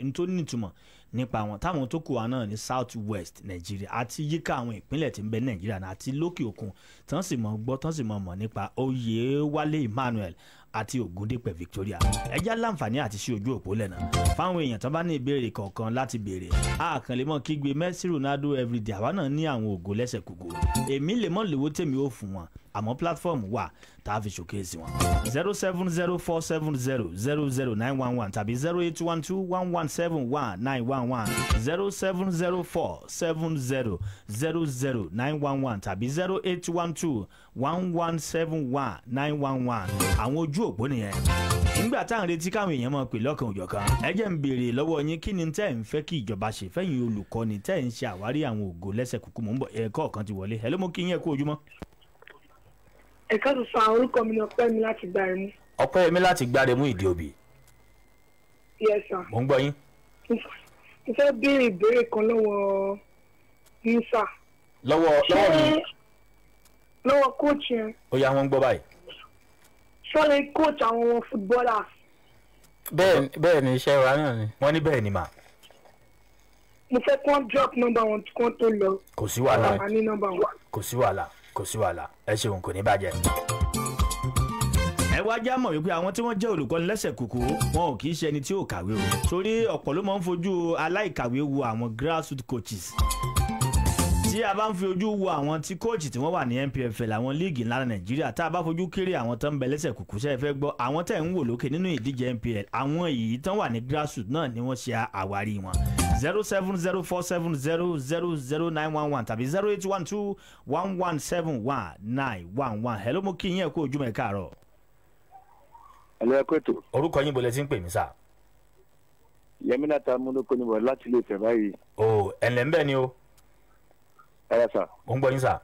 S2: ntónítùmọ̀ nípa wọn táwọn tó kù wá náà ní south west nàìjíríà àti yíká àwọn ìpínlẹ̀ tí ń bẹ nàìjíríà àti lókè òkun tán sì mọ̀ gbọ́ tán sì mọ̀ mọ̀ nípa oyè wálé emmanuel àti Ògúndípẹ̀ Victoria ẹjẹ́ láǹfààní àti ṣí ojú òpó lẹ́nà fáwọn èèyàn tó bá ní ìbéèrè kọ̀ọ̀kan láti béèrè àkàn lè mọ̀ kígbe Messi Ronaldo everyday àwa náà ní àwọn ògo lẹ́sẹ̀ kúkú èmi lè mọ̀ tèmi ó fún wọn àmọ́ platform wà tá a fi showcase wọn. zero seven zero four seven zero zero zero nine one one tàbí zero eight one two one one seven one nine one one zero seven zero four seven zero zero zero nine one one tàbí zero eight one two one one seven one nine one one àwọn ojú òpó nìyẹn nígbà tá à ń retí káwọn èèyàn máa pè lọ́kàn òjọ̀kan ẹ jẹ́ ń béèrè lọ́wọ́ yín kí ni tẹ́ ń fẹ́ kí ìjọba ṣe fẹ́yìn olùkọ́ni tẹ́ ń ṣe àwárí àwọn ògo lẹ́sẹ̀ kúkú mọ́ ń bọ̀ ẹ̀kọ́ kan ti wọlé ẹ ló
S1: ẹ̀ka tó san orúkọ mi ní ọpẹ́ mi láti gba ẹ̀mú.
S2: ọpẹ́ mi láti gba ẹ̀mú ìdí òbí. yes sir. mo ń gbọ́ yín.
S1: mo fẹ́ béèrè ìbéèrè kan lọ́wọ́
S2: musa. lọ́wọ́ lọ́wọ́ mi. lọ́wọ́ coach yẹn. ó yá wọn ń gbọ́ báyìí. sọ́lẹ̀ coach àwọn footballers. bẹ́ẹ̀ bẹ́ẹ̀ ni iṣẹ́ wa náà ni wọ́n ní bẹ́ẹ̀ ni mà. mo fẹ́ kán drop number one kán tó lọ. kò sí wàhálà kò sí wàhálà kò sí wàhálà ẹ ṣeun kò ní bàjẹ́ ẹ wá já mọ̀ wípé àwọn tí wọ́n jẹ́ olùkọ́ni lẹ́sẹ̀ wọn ò kì í ṣe tí ò kàwé o torí ọ̀pọ̀ ló máa ń fojú aláìkàwé wo àwọn grassroots coaches tí a bá ń fi ojú wo àwọn tí kóòchì tí wọ́n wà ní NPFL àwọn líìgì ńlá Nàìjíríà tá a bá fojú kéré àwọn tó ń bẹ lẹ́sẹ̀ kúkú fẹ́ gbọ́ àwọn tẹ̀ ń wò lókè nínú ìdíje NPL àwọn èyí zero seven zero four seven zero zero zero nine one one tàbí zero eight one two one one seven one nine one one hello mo kí yín ẹ kú ojúmọ́ ẹ káàárọ̀. ẹ̀lẹ́ ẹ̀kọ́ ètò. orúkọ yín bolẹ̀ ti ń pè mí sá. yẹmínà ta múnukọ ni bọ̀ láti lè fẹ̀ báyìí. o ẹ̀lẹ́ ń bẹ̀ ni o. ẹ yà sà. mo ń gbọ́ yín sà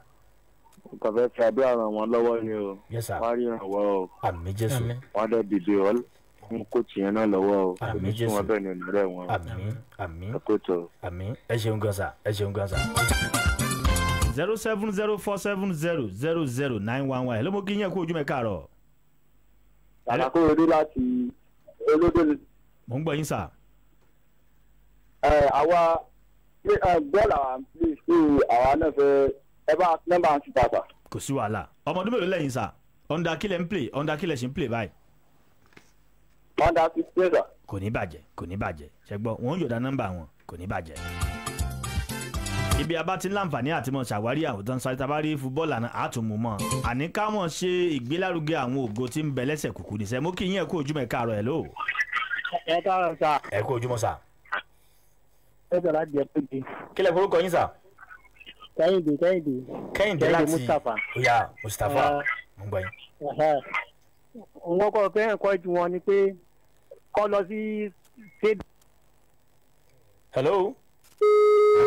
S2: kàfẹ́ fi àdúrà ràn wọ́n lọ́wọ́ ni o. wọ́n á rí ìrànwọ́ o. àmì jésù. wọ́n á dẹ̀ dìde ọ̀la fún kóòtù yẹn náà lọ́wọ́ o kò ní fún wọn bẹ́ẹ̀ ni ọ̀nà rẹ̀ wọn. àmín àmín àmín ẹ ṣeun gan ẹ ṣeun gan zero seven zero four seven zero zero zero nine one one ẹ ló mú kí yẹn kú ojú mẹ́ káàárọ̀. àlàkóyọdé láti olódò. mo ń gbọ́ yín sà. ẹ àwa bọ́ọ̀lù àwọn àmì sí àwa náà fẹ́ ẹ bá nọ́mbà àti bàbà. kò sí wàhálà ọmọ ọdún mélòó lẹ́yìn sà ọ̀ndà kílẹ̀ ń play ọ̀ndà kílẹ̀ sì ń play báyìí wọ́n dá sí sísà. kò ní bàjẹ́ kò ní bàjẹ́ ṣẹgbọ́n wọn ò yọ̀dá nọ́mbà wọn kò ní bàjẹ́. ibi abá ti ń láǹfààní àti mọ ṣàwárí àwòtán sáré tabárí fúbọ́ọ̀lù àná àtúnmú mọ́ àní ká mọ̀ ṣe ìgbélárugẹ àwọn ògo tí ń bẹ lẹ́sẹ̀ kùkù nìṣẹ́ mú kí yín ẹ̀ kú ojúmọ̀ ẹ̀ káàárọ̀ ẹ̀ ló. ẹ káàárọ̀ sà. ẹ kú ojúmọ̀ sà. ẹ sọ̀rọ̀ àjẹ péjì. kílẹ̀ forúkọ yín sà. kẹ́hìndé kẹ́hìndé. kẹ́hìndé láti oya mustapha mo gbọ́ yín. wọ́n kọ́ fẹ́ràn kọ́ ju wọn ni pé kọ́ lọ sí ṣéèdì. hello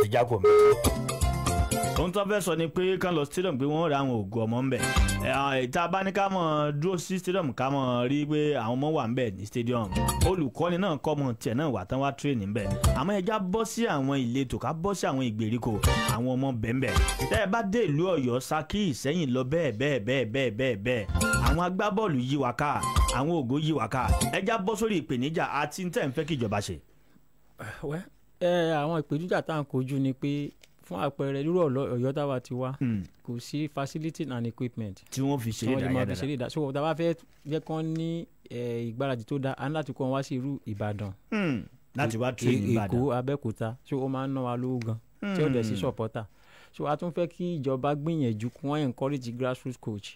S2: àti jago mi. ohun tó fẹ́ sọ ni pé kán lọ stadium pé wọ́n ra àwọn oògùn ọmọ ńbẹ ìta bá ní ká mọ̀ dúró sí stadium ká mọ̀ rí pé àwọn ọmọ wà ńbẹ ní stadium olùkọ́ni náà kọ́ mọ̀ tiẹ̀ náà wà tán wá tírèènì ńbẹ àmọ́ ẹja bọ́ sí àwọn ìletò ká bọ́ sí àwọn ìgbèríko àwọn ọmọ bẹ́ẹ̀ bẹ́ẹ̀ tẹ́ ẹ bá dé ìlú Ọ̀yọ́ Ṣakí Ìṣẹ́yìn lọ bẹ́ẹ̀ bẹ́ẹ̀ bẹ́ẹ̀ bẹ́ẹ̀ bẹ́ẹ̀ bẹ́ẹ̀ àwọn agbábọ́ọ̀lù yí wa ká àwọn ògo yí wa ká ẹja bọ́ sórí ìpèníjà àti tẹ̀ ń fẹ́ kí ìjọba ṣe.
S3: ẹ àwọn ìpèníjà tá à ń kojú ni pé fún àpẹẹrẹ irú ọ̀yọ́ táwa ti wá hmm. kò sí facility and equipment. tí
S2: wọ́n fi ṣeré ìdárayá dára tí wọ́n fi ṣeré
S3: ìdárayá so tàbá fẹ́ jẹ́ kán ní ìgbáradì tó dáa á ní láti kó wọn wá sí irú Ìbàdàn hmm. láti wá tún e-, ìbàdàn èkó abẹ́òkúta so ó máa ń ná wa lówó gan tí ó dẹ̀ sí hmm. sọ̀pọ́tà so a tún fẹ́ kí ìjọba gbìyànjú kí wọ́n encourage grassroots coach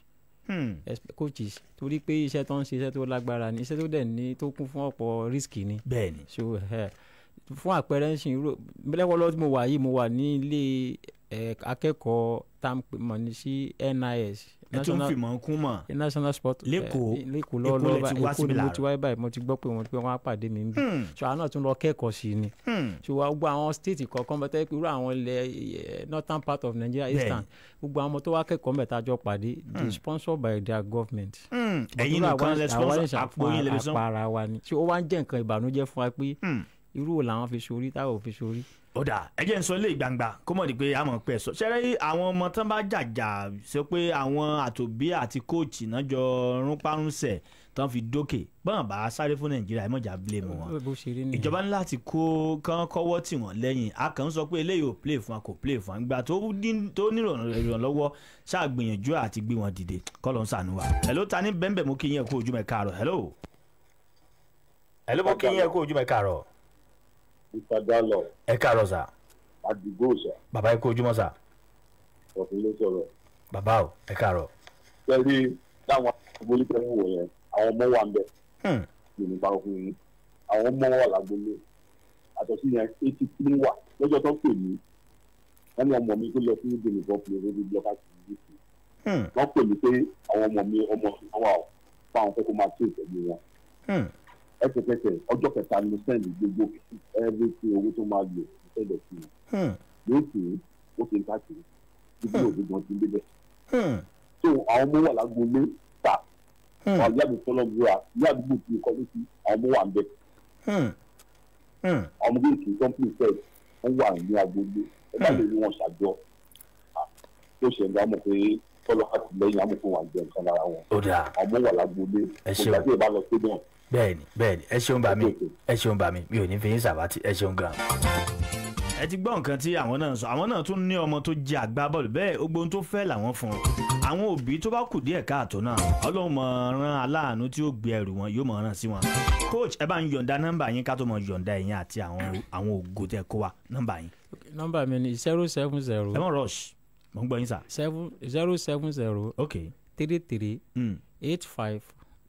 S3: Hmm. coaches torí pé iṣẹ́ tó ń ṣe iṣẹ́ tó lágbára ni iṣẹ́ tó dẹ̀ ní tó kún fún ọ̀pọ̀ risk ni. bẹ́ẹ̀ni so eh, fún àpẹẹrẹ ń sìn lẹ́wọ́lọ́wọ́ tí mo wà yìí mo wà ní ilé eh, akẹ́kọ̀ọ́ tá a mọ̀ ní sí NIS ètò ń fìmọ̀ kún mọ̀. national sport lẹ́kọ̀ọ́ lẹ́kọ̀ọ́ lọ́wọ́ èkó ni mo ti wáyé báyìí mo ti gbọ́ pé wọ́n pé wọ́n á pàdé mi níbí hmm. so àwọn náà tún lọ kẹ́kọ̀ọ́ sí ni hmm. so gbogbo àwọn state kọ̀ọ̀kan bẹ́ẹ̀ tẹ́ irú àwọn ilẹ̀ northern part of Nigeria eastern gbogbo àwọn ọmọ tó wá kẹ́kọ̀ọ́ mẹ́ta jọ pàdé they hmm. sponsored by their government.
S5: ẹ̀yin nìkan lẹ sponsor àpò yín
S3: lẹ irú wo làwọn fi ṣorí táwọn ò fi ṣorí. ó dà
S2: ẹ jẹ́ n sọ ilé ìgbàǹgbà kó mọ̀ ní pé a mọ̀ pé ẹ sọ ṣẹ́rẹ́ àwọn ọmọ tán bá jàjà ṣe pé àwọn àtòbí àti kóòtì náà jọ rúnpárúnsẹ̀ tán fi dókè bọ́n bá sáré fún nàìjíríà ìmọ̀jà blame wọn ìjọba ńlá ti kó kán kọ́wọ́ tì wọ́n lẹ́yìn a kàn ń sọ pé eléyìí ò play fún wa kò play fún wa gbà tó nírànlọ́wọ́ ṣàgbìyànjú àti gbé wọn dìde kọ́ ló ń sànú wa. hello ta ni bẹ́ńbẹ̀ mú kí yín ẹ kú ojúmọ́ ẹ káàárọ̀ hello. hello mú kí yín ẹ kú ojúmọ́ ẹ káàárọ̀ mr gallo. ẹ káàárọ̀ sà. àdìgbò sà. bàbá ẹ kú ojúmọ́ sà. ọ̀sùn ló sọ̀rọ̀. bàbá o ẹ káàárọ̀. pẹ̀lú táwọn agboolé tẹ́ ń wò yẹn àwọn ọmọ wa ń bẹ. yorùbá fún yín àwọn ọmọ wa làgboolé àtọ̀sí yẹn eighty three wà lọ́jọ́ tó pè mí wọ́n ní ọmọ mi tó lọ sí ìdènì kan pé ó ti blọka sí ìdí wọ́n pè mí pé àwọn ọmọ mi ọmọ àwọn fáwọn fẹ́ kó máa tún ìtẹ́jú wọn. Hmm ẹsẹ̀kẹsẹ̀ ọjọ́ kẹta ni mo sẹ́ndì gbogbo ẹ̀rí tí owó tó máa lò sẹ́ndẹ̀ sí
S1: i
S2: lóòtọ́ hmm. ó ṣe ń káàkiri títí hmm. òdìgbọ̀n ti ń débẹ̀. Hmm. so àwọn ọmọ wà lágbolé ta wà yàgò fọlọ́gbọ́ra ní àdúgbò tí kọ́ ló àwọn ọmọ wà ń bẹ̀. ọmọ bíi kì í fẹ́ẹ̀ wọ́n wà ní agbolé ẹ bá lè rí wọn ṣàjọ tó ṣe ń gbà pé fọlọ́ àtìlẹ́yìn amúkùn wà jẹ́ nǹkan lára wọn. ọmọ wà lágbolé kò bẹ́ẹ̀ni bẹ́ẹ̀ni ẹ ṣeun bá ẹ ṣeun bá mi ò ní fi yín sàbátì ẹ ṣeun gan. ẹ ti gbọ́ nǹkan tí àwọn náà sọ àwọn náà tún ní ọmọ tó jẹ́ àgbábọ́ọ̀lù bẹ́ẹ̀ ogbóhun tó fẹ́ làwọn fún un àwọn òbí tó bá kù díẹ̀ káàtó náà ọlọ́run mọ̀ ran aláàánú tí ó gbé ẹrù wọn yóò mọ̀ ran sí wọn coach ẹ bá ń yọ̀ǹda nọ́mbà yín ká tó mọ̀ yọ̀ǹda ẹ̀yin àti àwọn ògo tẹ kó wa nọ́mbà yín.
S3: nọ́mbà mi ni zero seven zero. ẹ mọ̀ rush mo ń gbọ́ yín sà. seven zero seven zero. okay. three three. Hmm. eight five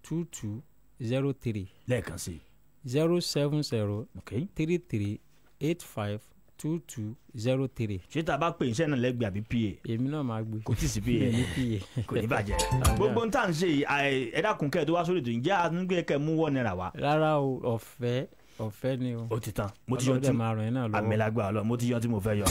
S3: two two zero three. lẹ́ẹ̀kan sí. zero seven zero. ok three three eight five two two zero three. ṣé tá a bá pè iṣẹ́ náà lẹ́gbẹ̀ẹ́ àbí pa. èmi náà máa gbé. kò tí ì sí pa kò ní bàjẹ́.
S2: gbogbo n tá à ń ṣe ẹ̀dákùnkẹ́ tó wá sórí ètò ìjẹ́ àtúnkẹ́ kẹ́ mú wọ́n náírà wá. rárá o ọ̀fẹ́ ọ̀fẹ́ ni o. o ti tan mo ti yan tí àmìlágbà lọ mo ti yan tí mo fẹ́ yọ.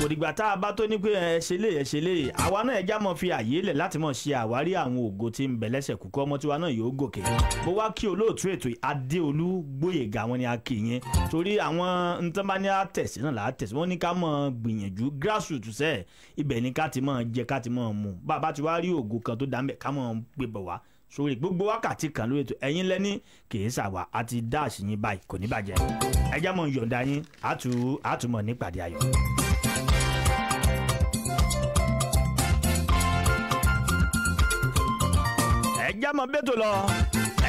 S2: kò dìgbà tá a bá tó ní pé ẹ ṣe lè ẹ ṣe lè àwa náà ẹja mọ fi àyè lẹ̀ láti mọ̀ ṣe àwárí àwọn ògo tí ń bẹ lẹ́sẹ̀ kúkọ́ ọmọ tiwa náà yóò gòkè. mo wá kí olóòtú ètò Adéolú Gbóyèga wọn ni a kì í yẹn torí àwọn ntọ́ba ní a tẹ̀sí náà là á tẹ̀sí wọ́n ní ká mọ̀ gbìyànjú grassroot sẹ́ẹ̀ ibẹ̀ ni ká ti mọ̀ jẹ ká ti mọ̀ mu bàbá ti wá rí ògo kan tó dá ń sórí gbogbo wákàtí kan lórí ètò ẹ̀yin lẹ́ni kìí ṣàwà àti dáàsì yín báyìí kò ní bàjẹ́ ẹjá mọ̀ yọ̀ǹda yín àtúmọ̀ nípàdé ayọ̀. ẹjá mọ̀ bẹ́tò lọ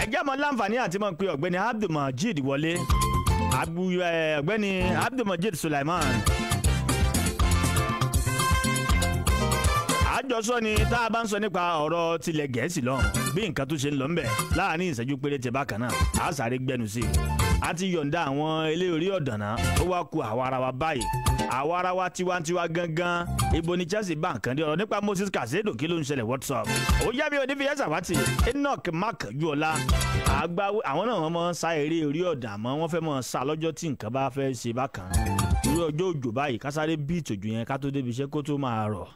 S2: ẹjá mọ̀ láǹfààní àti mọ̀ pé ọ̀gbẹ́ni Abdulmajid wọlé ọ̀gbẹ́ni Abdulmajid Sulaiman. àjọ sọ ni tá a bá ń sọ nípa ọ̀rọ̀ tilẹ̀ gẹ̀ẹ́sì lọ́hùn bí nǹkan tó ṣe ń lọ ń bẹ̀ láàrin ìṣẹ́jú péréte bákan náà a sáré gbẹnu sí i a ti yọ̀ǹda àwọn ilé ọ̀dànà ó wá ku àwa ara wa báyìí àwa ara wa tiwantiwa gangan ibo ni Chelsea bá nǹkan dé ọ̀rọ̀ nípa Moses Kasedo kí ló ń ṣẹlẹ̀ WhatsApp ó yá mi ò ní fi yẹ́sà wá tì Enoch Mark Juola àgbà àwọn náà wọ́n mọ̀ ń sá eré orí ọ̀dàn àmọ́ wọ́n fẹ́ mọ̀ ń sá lọ́jọ́ tí nǹkan bá fẹ́ ṣe bákan irú ọjọ́ òjò báyìí ká sáré bíìtì òjò yẹn ká tó débi iṣẹ́ kó tó máa rọ̀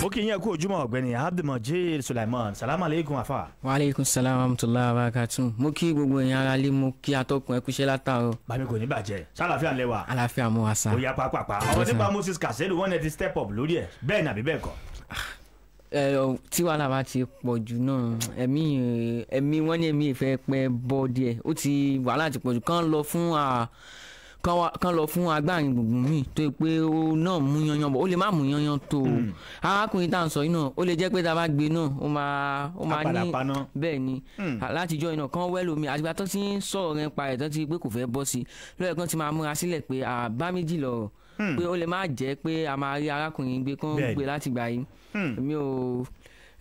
S2: mo kì í yẹn kú ojúmọ́ ọ̀gbẹ́ni abdulmajid sulaiman
S5: salaam aleykum afa. wa aleykum salaam amtulayi abakatu mo kí gbogbo èèyàn ara lé mo kí atọ́kùn ẹ kúṣẹ́ látàárọ̀. bami kò ní bàjẹ́ sálàáfíà lẹ wa. àlàáfíà mo wá sa. ó yá
S2: pàápàá ọ̀rọ̀ nípa moses kaselu wọ́n ti step up lórí ẹ̀ bẹ́ẹ̀ ni àbí bẹ́ẹ̀ kọ́.
S5: Ah, tí wàhálà bá ti pọ̀ jù náà ẹ̀mí ẹ̀mí wọ́n ní ẹ̀mí ìfẹ́ pẹ́ bọ́ díẹ̀ ó ti wàhálà ti pọ̀ jù kán lọ fún ah, kan lọ fún agbárin gbùngbùn míì tó yẹ pé ó náà mú yanyan bọ̀ ó lè má mú yanyan tó o hmm. arákùnrin tá à ń sọ yìí náà ó lè jẹ́ pé tá a bá gbé náà ó máa ó máa ní bẹ́ẹ̀ ni hmm. látijọ́ iná kan wẹ́ lómi àtìgbà tó ti ń sọ̀rọ̀ rẹ̀ pa ẹ̀ tó ti pé kò fẹ́ bọ́ sí i lọ́yẹ̀ kan ti máa múra sílẹ̀ pé àbá méjì lọ́rọ̀ hmm. pé ó lè má jẹ́ pé a máa rí arákùnrin gbé kán gbé láti yìí mi ò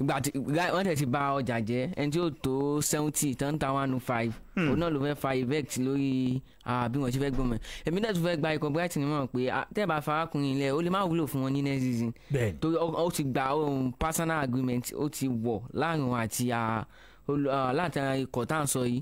S5: ìgbà tí wọ́n tẹ̀ ti ba ọjà jẹ́ ẹni tí ó tó seventy tán ta one oh five hmm. òun náà ló fẹ́ fa evect lórí bí wọ́n ṣe fẹ́ gbọ́mọ̀ èmi náà tún fẹ́ gba ikọ̀ brighton mọ̀ pé tẹ́ẹ̀ bá farakùnrin ilẹ̀ lè má wúlò fún wọn ní next season torí ó ti gba personal agreement ó ti wọ̀ láàrin àti látara ikọ̀ tá à ń sọ yìí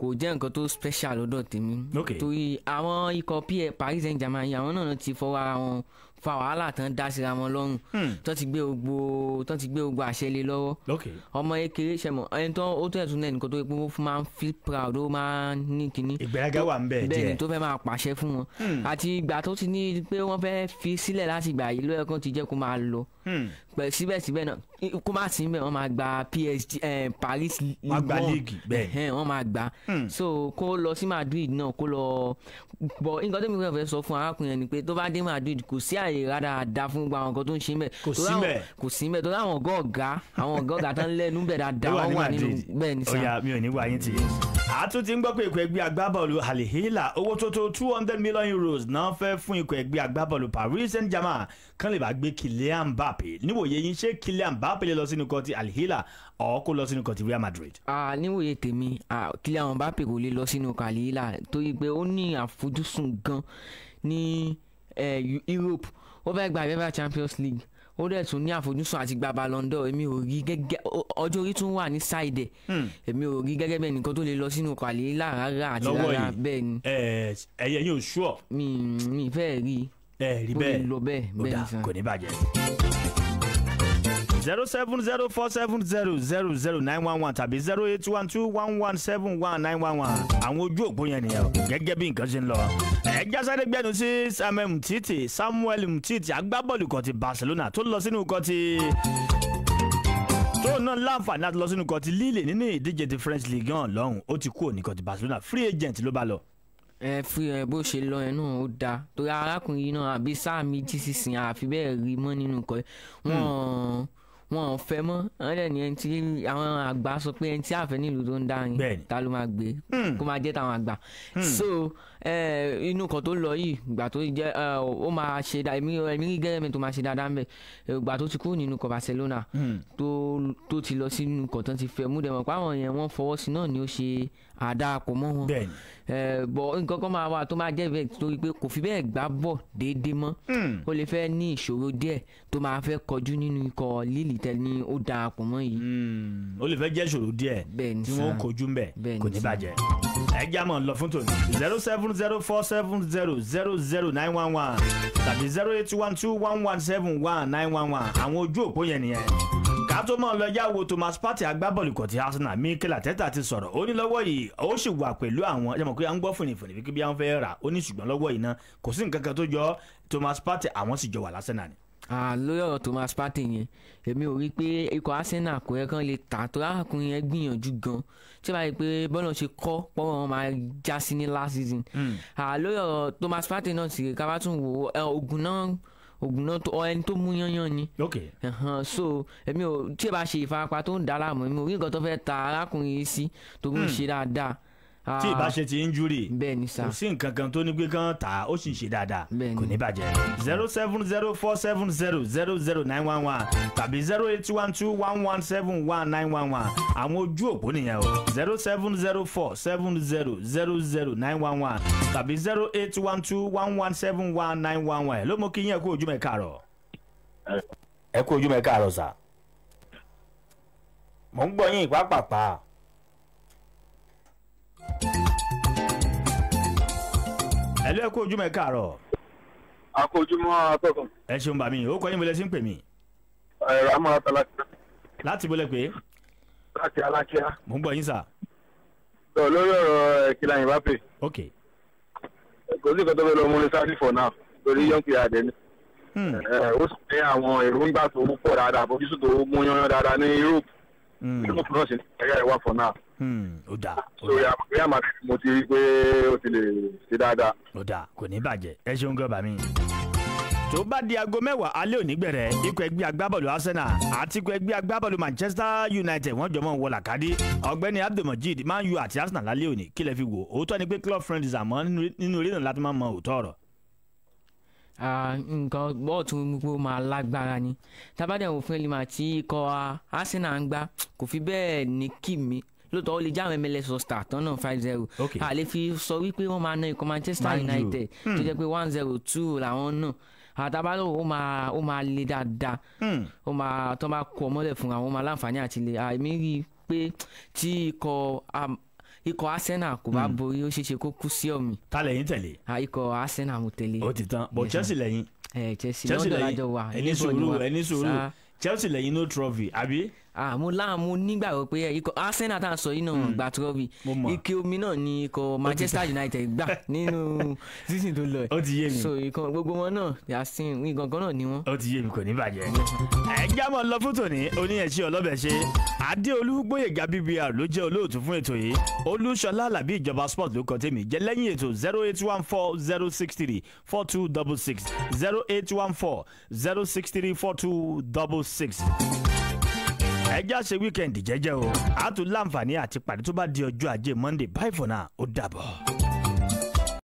S5: kò jẹ́ nǹkan tó special lọ́dọ̀ tèmi. ok torí àwọn ikọ̀ pa Paris Saint-Germain yìí àwọn náà ti fọwọ́ ara wọn fa wàhálà tán dá síra wọn lọ́rùn hmm. tó ti gbé gbogbo tó ti gbé gbogbo àṣẹ lé lọ́wọ́ ọmọ ekeré sẹ̀mọ̀ ẹni tó ó tẹ̀ tún lẹ́nu kó tó pé ó máa ń feel proud ó máa ń ní kínní. ìgbéraga wà ń bẹ̀ díẹ̀ bẹ́ẹ̀ni tó fẹ́ máa pàṣẹ fún wọn hmm. àti ìgbà tó ti ní pé wọ́n fẹ́ fi sílẹ̀ láti ìgbà yìí lóyè kan ti jẹ́ kó máa pẹ̀ síbẹ̀síbẹ̀ náà kó má sí bẹ́ẹ̀ wọ́n máa gba PSG eh, Paris League wọ́n máa gba hmm. so kó lọ sí Madrid náà kó lọ bọ̀ nǹkan tó mi fẹ́ sọ fún arákùnrin ni pé tó bá dé Madrid kò sí àyè rádaràda fún gba àwọn nǹkan tó ń ṣe mẹ́ kò sí mẹ́ kò sí mẹ́ tó láwọn ọ̀gá ọ̀gá àwọn ọ̀gá ọ̀gá tán lẹ́nu bẹ̀ dáadáa wọ́n wà nínú bẹ́ẹ̀ ni sá. ọ̀ya ní wá yín tì ti ń gbọ́ pé ikọ̀ ẹgbẹ́ agbábọ́ọ̀lù Al
S2: owó tó tó two hundred million euros náà fẹ́ fún ikọ̀ ẹgbẹ́ agbábọ́ọ̀lù Paris Saint-Germain kán lè bá gbé Kylian Mbappé Mbappe níwòye yín ṣé Kylian Mbappe lè lọ sínú kan ti Al ọ̀ kó lọ sínú kan ti Real Madrid.
S5: níwòye tèmi Kylian Mbappe kò lè lọ sínú kan Al Hilal torí pé ó ní àfojúsùn gan ní Europe ó fẹ́ gba ìrẹ́bà Champions League ó dẹ̀ tún ní àfojúsùn àti gba Ballon d'Or èmi ò rí gẹ́gẹ́ ọjọ́ orí tún wà ní ṣáìdẹ̀ hmm. èmi ò rí gẹ́gẹ́ bẹ́ẹ̀ nìkan tó lè lọ sínú kàlí lára àti lára bẹ́ẹ̀
S4: ni. lọ́wọ́ yìí
S5: ẹ̀yẹ̀ yóò mi mi fẹ́ rí i ẹ bẹ́ẹ̀ ló bẹ́ẹ̀ kò ní
S2: bàjẹ́. zero seven zero four seven zero zero zero nine one one tàbí zero eight one two one one seven one nine one one àwọn ojú òpó yẹn nìyẹn o gẹ́gẹ́ bí nǹkan ṣe ń lọ. ẹ jásáré gbẹnu sí samuel mtiti samuel mtiti agbábọ́ọ̀lù kan ti barcelona tó lọ sínú kan ti tóun náà láǹfààní láti lọ sínú kan ti
S5: lille nínú ìdíje ti french league hàn lọ́hùn ó ti kú òní kan ti barcelona free agent ló bá lọ ẹ fi ẹ bó ṣe lọ ẹ náà ó dáa torí arákùnrin náà àbí sáà méjì sísìn àfi bẹ́ẹ̀ rí mọ́ nínú nǹkan ẹ wọ́n wọn ò fẹ́ mọ́ àwọn dẹ̀ ní ẹni tí àwọn àgbà sọ pé ẹni tí àfẹ́ nílùú tó ń dá yín ta ló máa gbé hmm. kó máa jẹ́ tàwọn àgbà hmm. so inú kan tó lọ yìí ìgbà tó jẹ́ ó máa ṣe ẹ̀mí ẹ̀mí gẹ́gẹ́ mi tó máa ṣe dáadáa ń bẹ̀ ìgbà tó ti kúrò nínú ikọ̀ Barcelona hmm. tó ti lọ sínú ikọ̀ tán ti fẹ́ mú dẹ̀ mọ̀ pé àwọn yẹn wọ́n fọwọ́ sí náà ni ó ṣe àdàpọ̀ mọ́ wọn bọ̀ nǹkan kan máa wà tó máa jẹ́ bẹ́ẹ̀ torí pé kò fi bẹ́ẹ̀ gbá bọ̀ déédéé mọ́ hmm. ó lè fẹ́ ní ìṣòro díẹ̀ tó máa fẹ́ kọjú nínú ikọ̀ lílì tẹ́lẹ̀ ní ó darapọ̀ mọ́ yìí. Hmm. ó lè fẹ́ jẹ́ ìṣòro díẹ̀ tí wọ́n kojú ń bẹ̀ kò ní bàjẹ́ ẹ já mọ̀ lọ fún tòní zero seven
S2: zero four seven zero zero zero nine one one tàbí zero eight one two one one seven one nine one one àwọn ojú òpó yẹn nìyẹn ká tó mọ̀ lọ yàwó Thomas Partey agbábọ́ọ̀lù kan ti Arsenal Mikel Arteta ti sọ̀rọ̀ ó ní lọ́wọ́ yìí ó sì wà pẹ̀lú àwọn ẹ̀jẹ̀ mọ̀ pé à ń gbọ́ fònìfònì bí kébí fẹ́ rà ó ní ṣùgbọ́n lọ́wọ́ yìí náà kò sí nǹkan kan tó jọ Thomas Partey àwọn sì jọ wà lásánà ni.
S5: lórí ọ̀rọ̀ Thomas Partey yẹn èmi ò rí i pé ikọ̀ Arsenal kò yẹ kán lè tà tó arákùnrin yẹn gbìyànjú gan tí wàá rí pé bọ́ọ̀lù ṣe kọ́ pọ́wọ́ wọn máa já sí ní last season. Hmm. lórí ọ̀rọ̀ Thomas Partey náà sì kábàtún wo ogun náà oògùn náà tó ẹni tó mú yányán ni. ok uh so èmi ò tí ì bá ṣe ìfarapa tó ń dá láàmú mi ò rí nǹkan tó fẹ́ ta arákùnrin yìí sí tó ń hmm. ṣe dáadáa tí ìbá ah. ṣe
S2: ti injury bẹ́ẹ̀ni kò sí nǹkan kan tó ní pé kán tà ó sì ń ṣe dáadáa kò ní bàjẹ́ zero seven zero four seven zero zero zero nine one one tàbí zero eight one two one one seven one nine one one àwọn ojú òpó nìyẹn o zero seven zero four seven zero zero zero nine one one tàbí zero eight one two one one seven one nine one one ló mú kí yín ẹ kú ojú mẹ́ káàárọ̀ ẹ kú ojú mẹ́ káàárọ̀ sá mò ń gbọ́ yín ìpápàpá. ẹ lọ ẹ kó ojúmọ́ ẹ káàárọ̀. àkójúmọ́ atọ́kùn. ẹ ṣeun bàmí o kọ́ yín bọ́lẹ̀ sí ń pè mí. ẹ̀rọ amọ̀ àtàlàkì. láti bọ́lẹ̀ pé. láti alákíá. mo ń gbọ́ yín sà. sọ lórí ọ̀rọ̀ kìlà yìí pè. ok. kò sí ìkọ́tọ́ bẹ́ẹ̀ lọ ní sáfì for now torí hmm. yọ̀ǹkì àdé ni. Hmm. ó sì pé àwọn èròǹgbà tó pọ̀ dáadáa àfojúsùn tó mú yán dáadáa ní Europe ìdúró tó náà ṣe ẹ̀yà ìwà fọ̀ náà. ó dà ó dà so yà máa mo ti rí i pé ó ti lè ṣe dáadáa. ó dà kò ní bàjẹ́ ẹ ṣeun gan bàmí tó bá di aago mẹ́wàá alẹ́ òní gbẹ̀rẹ̀ ikọ̀ ẹgbẹ́ agbábọ́ọ̀lù Arsenal àti ikọ̀ ẹgbẹ́ agbábọ́ọ̀lù Manchester United wọ́n jọmọ́ wọ làkàdé ọ̀gbẹ́ni Abdulmajid Man U àti Arsenal lálẹ́ òní kílẹ̀ fi wò òótọ́ ni pé club friends àmọ́
S5: nínú eré náà láti máa mọ òótọ́ ọ̀rọ̀ nǹkan bọ́ọ̀ tún gbogbo máa lágbára ni tábàdẹ̀ wò fún elima tí ikọ̀ Arsenal ń gbá kò fi bẹ́ẹ̀ ní kìmí lóòótọ́ ó lè jáwé MLS star tán náà five zero a lè fi sọ wípé wọ́n máa ná ikọ̀ Manchester United tó hmm. jẹ́ pé one zero two làwọn náà àtàbálò ó máa ó máa le dáadáa hmm. ó máa tó máa kọ ọmọlẹ̀ fún àwọn ọmọ aláǹfààní àti ilé àìmí pé tí ikọ̀ um, ikọ̀ Arsenal kò bá hmm. borí ó ṣeéṣe kó kú sí ọ̀mì. ta lẹ́yìn tẹ̀lé. ikọ̀ Arsenal mo tẹ̀lé. ó ti tán bọ̀ Chelsea lẹ́yìn. Eh, Chelsea lọ́dọ̀ lájọ wa ẹni sùúrù ẹni sùúrù Chelsea lẹ́yìn no trophy àbí àmú ah, láàmú nígbàgbọ́ pé ikọ̀ Arsenal tá a sọ yìí náà hmm. gba trọ́bì ike omi náà ni ikọ̀ Manchester United gbà nínú season tó lọ yìí so ikọ̀ gbogbo wọn náà yasin ìgangan náà ni wọn. ó ti yé mi
S2: kò ní bàjẹ́ ẹ jámọ̀ lọ fún tòní oníyẹ̀ṣẹ́ ọlọ́bẹ̀ ṣe Adéolú Gbóyèga BBR ló jẹ́ olóòtú fún ètò yìí Olúṣọlá Àlàbí ìjọba sport ló kọ tèmi jẹ́ lẹ́yìn ètò zero eight one four zero six three four two double six zero eight one four zero six three four two double six ẹjẹ́ àṣẹ wíkẹ́ndì jẹ́jẹ́ o àá tún láǹfààní àti pàdé tó bá di ọjọ́ ajé Monday bye for now ó dàbọ̀.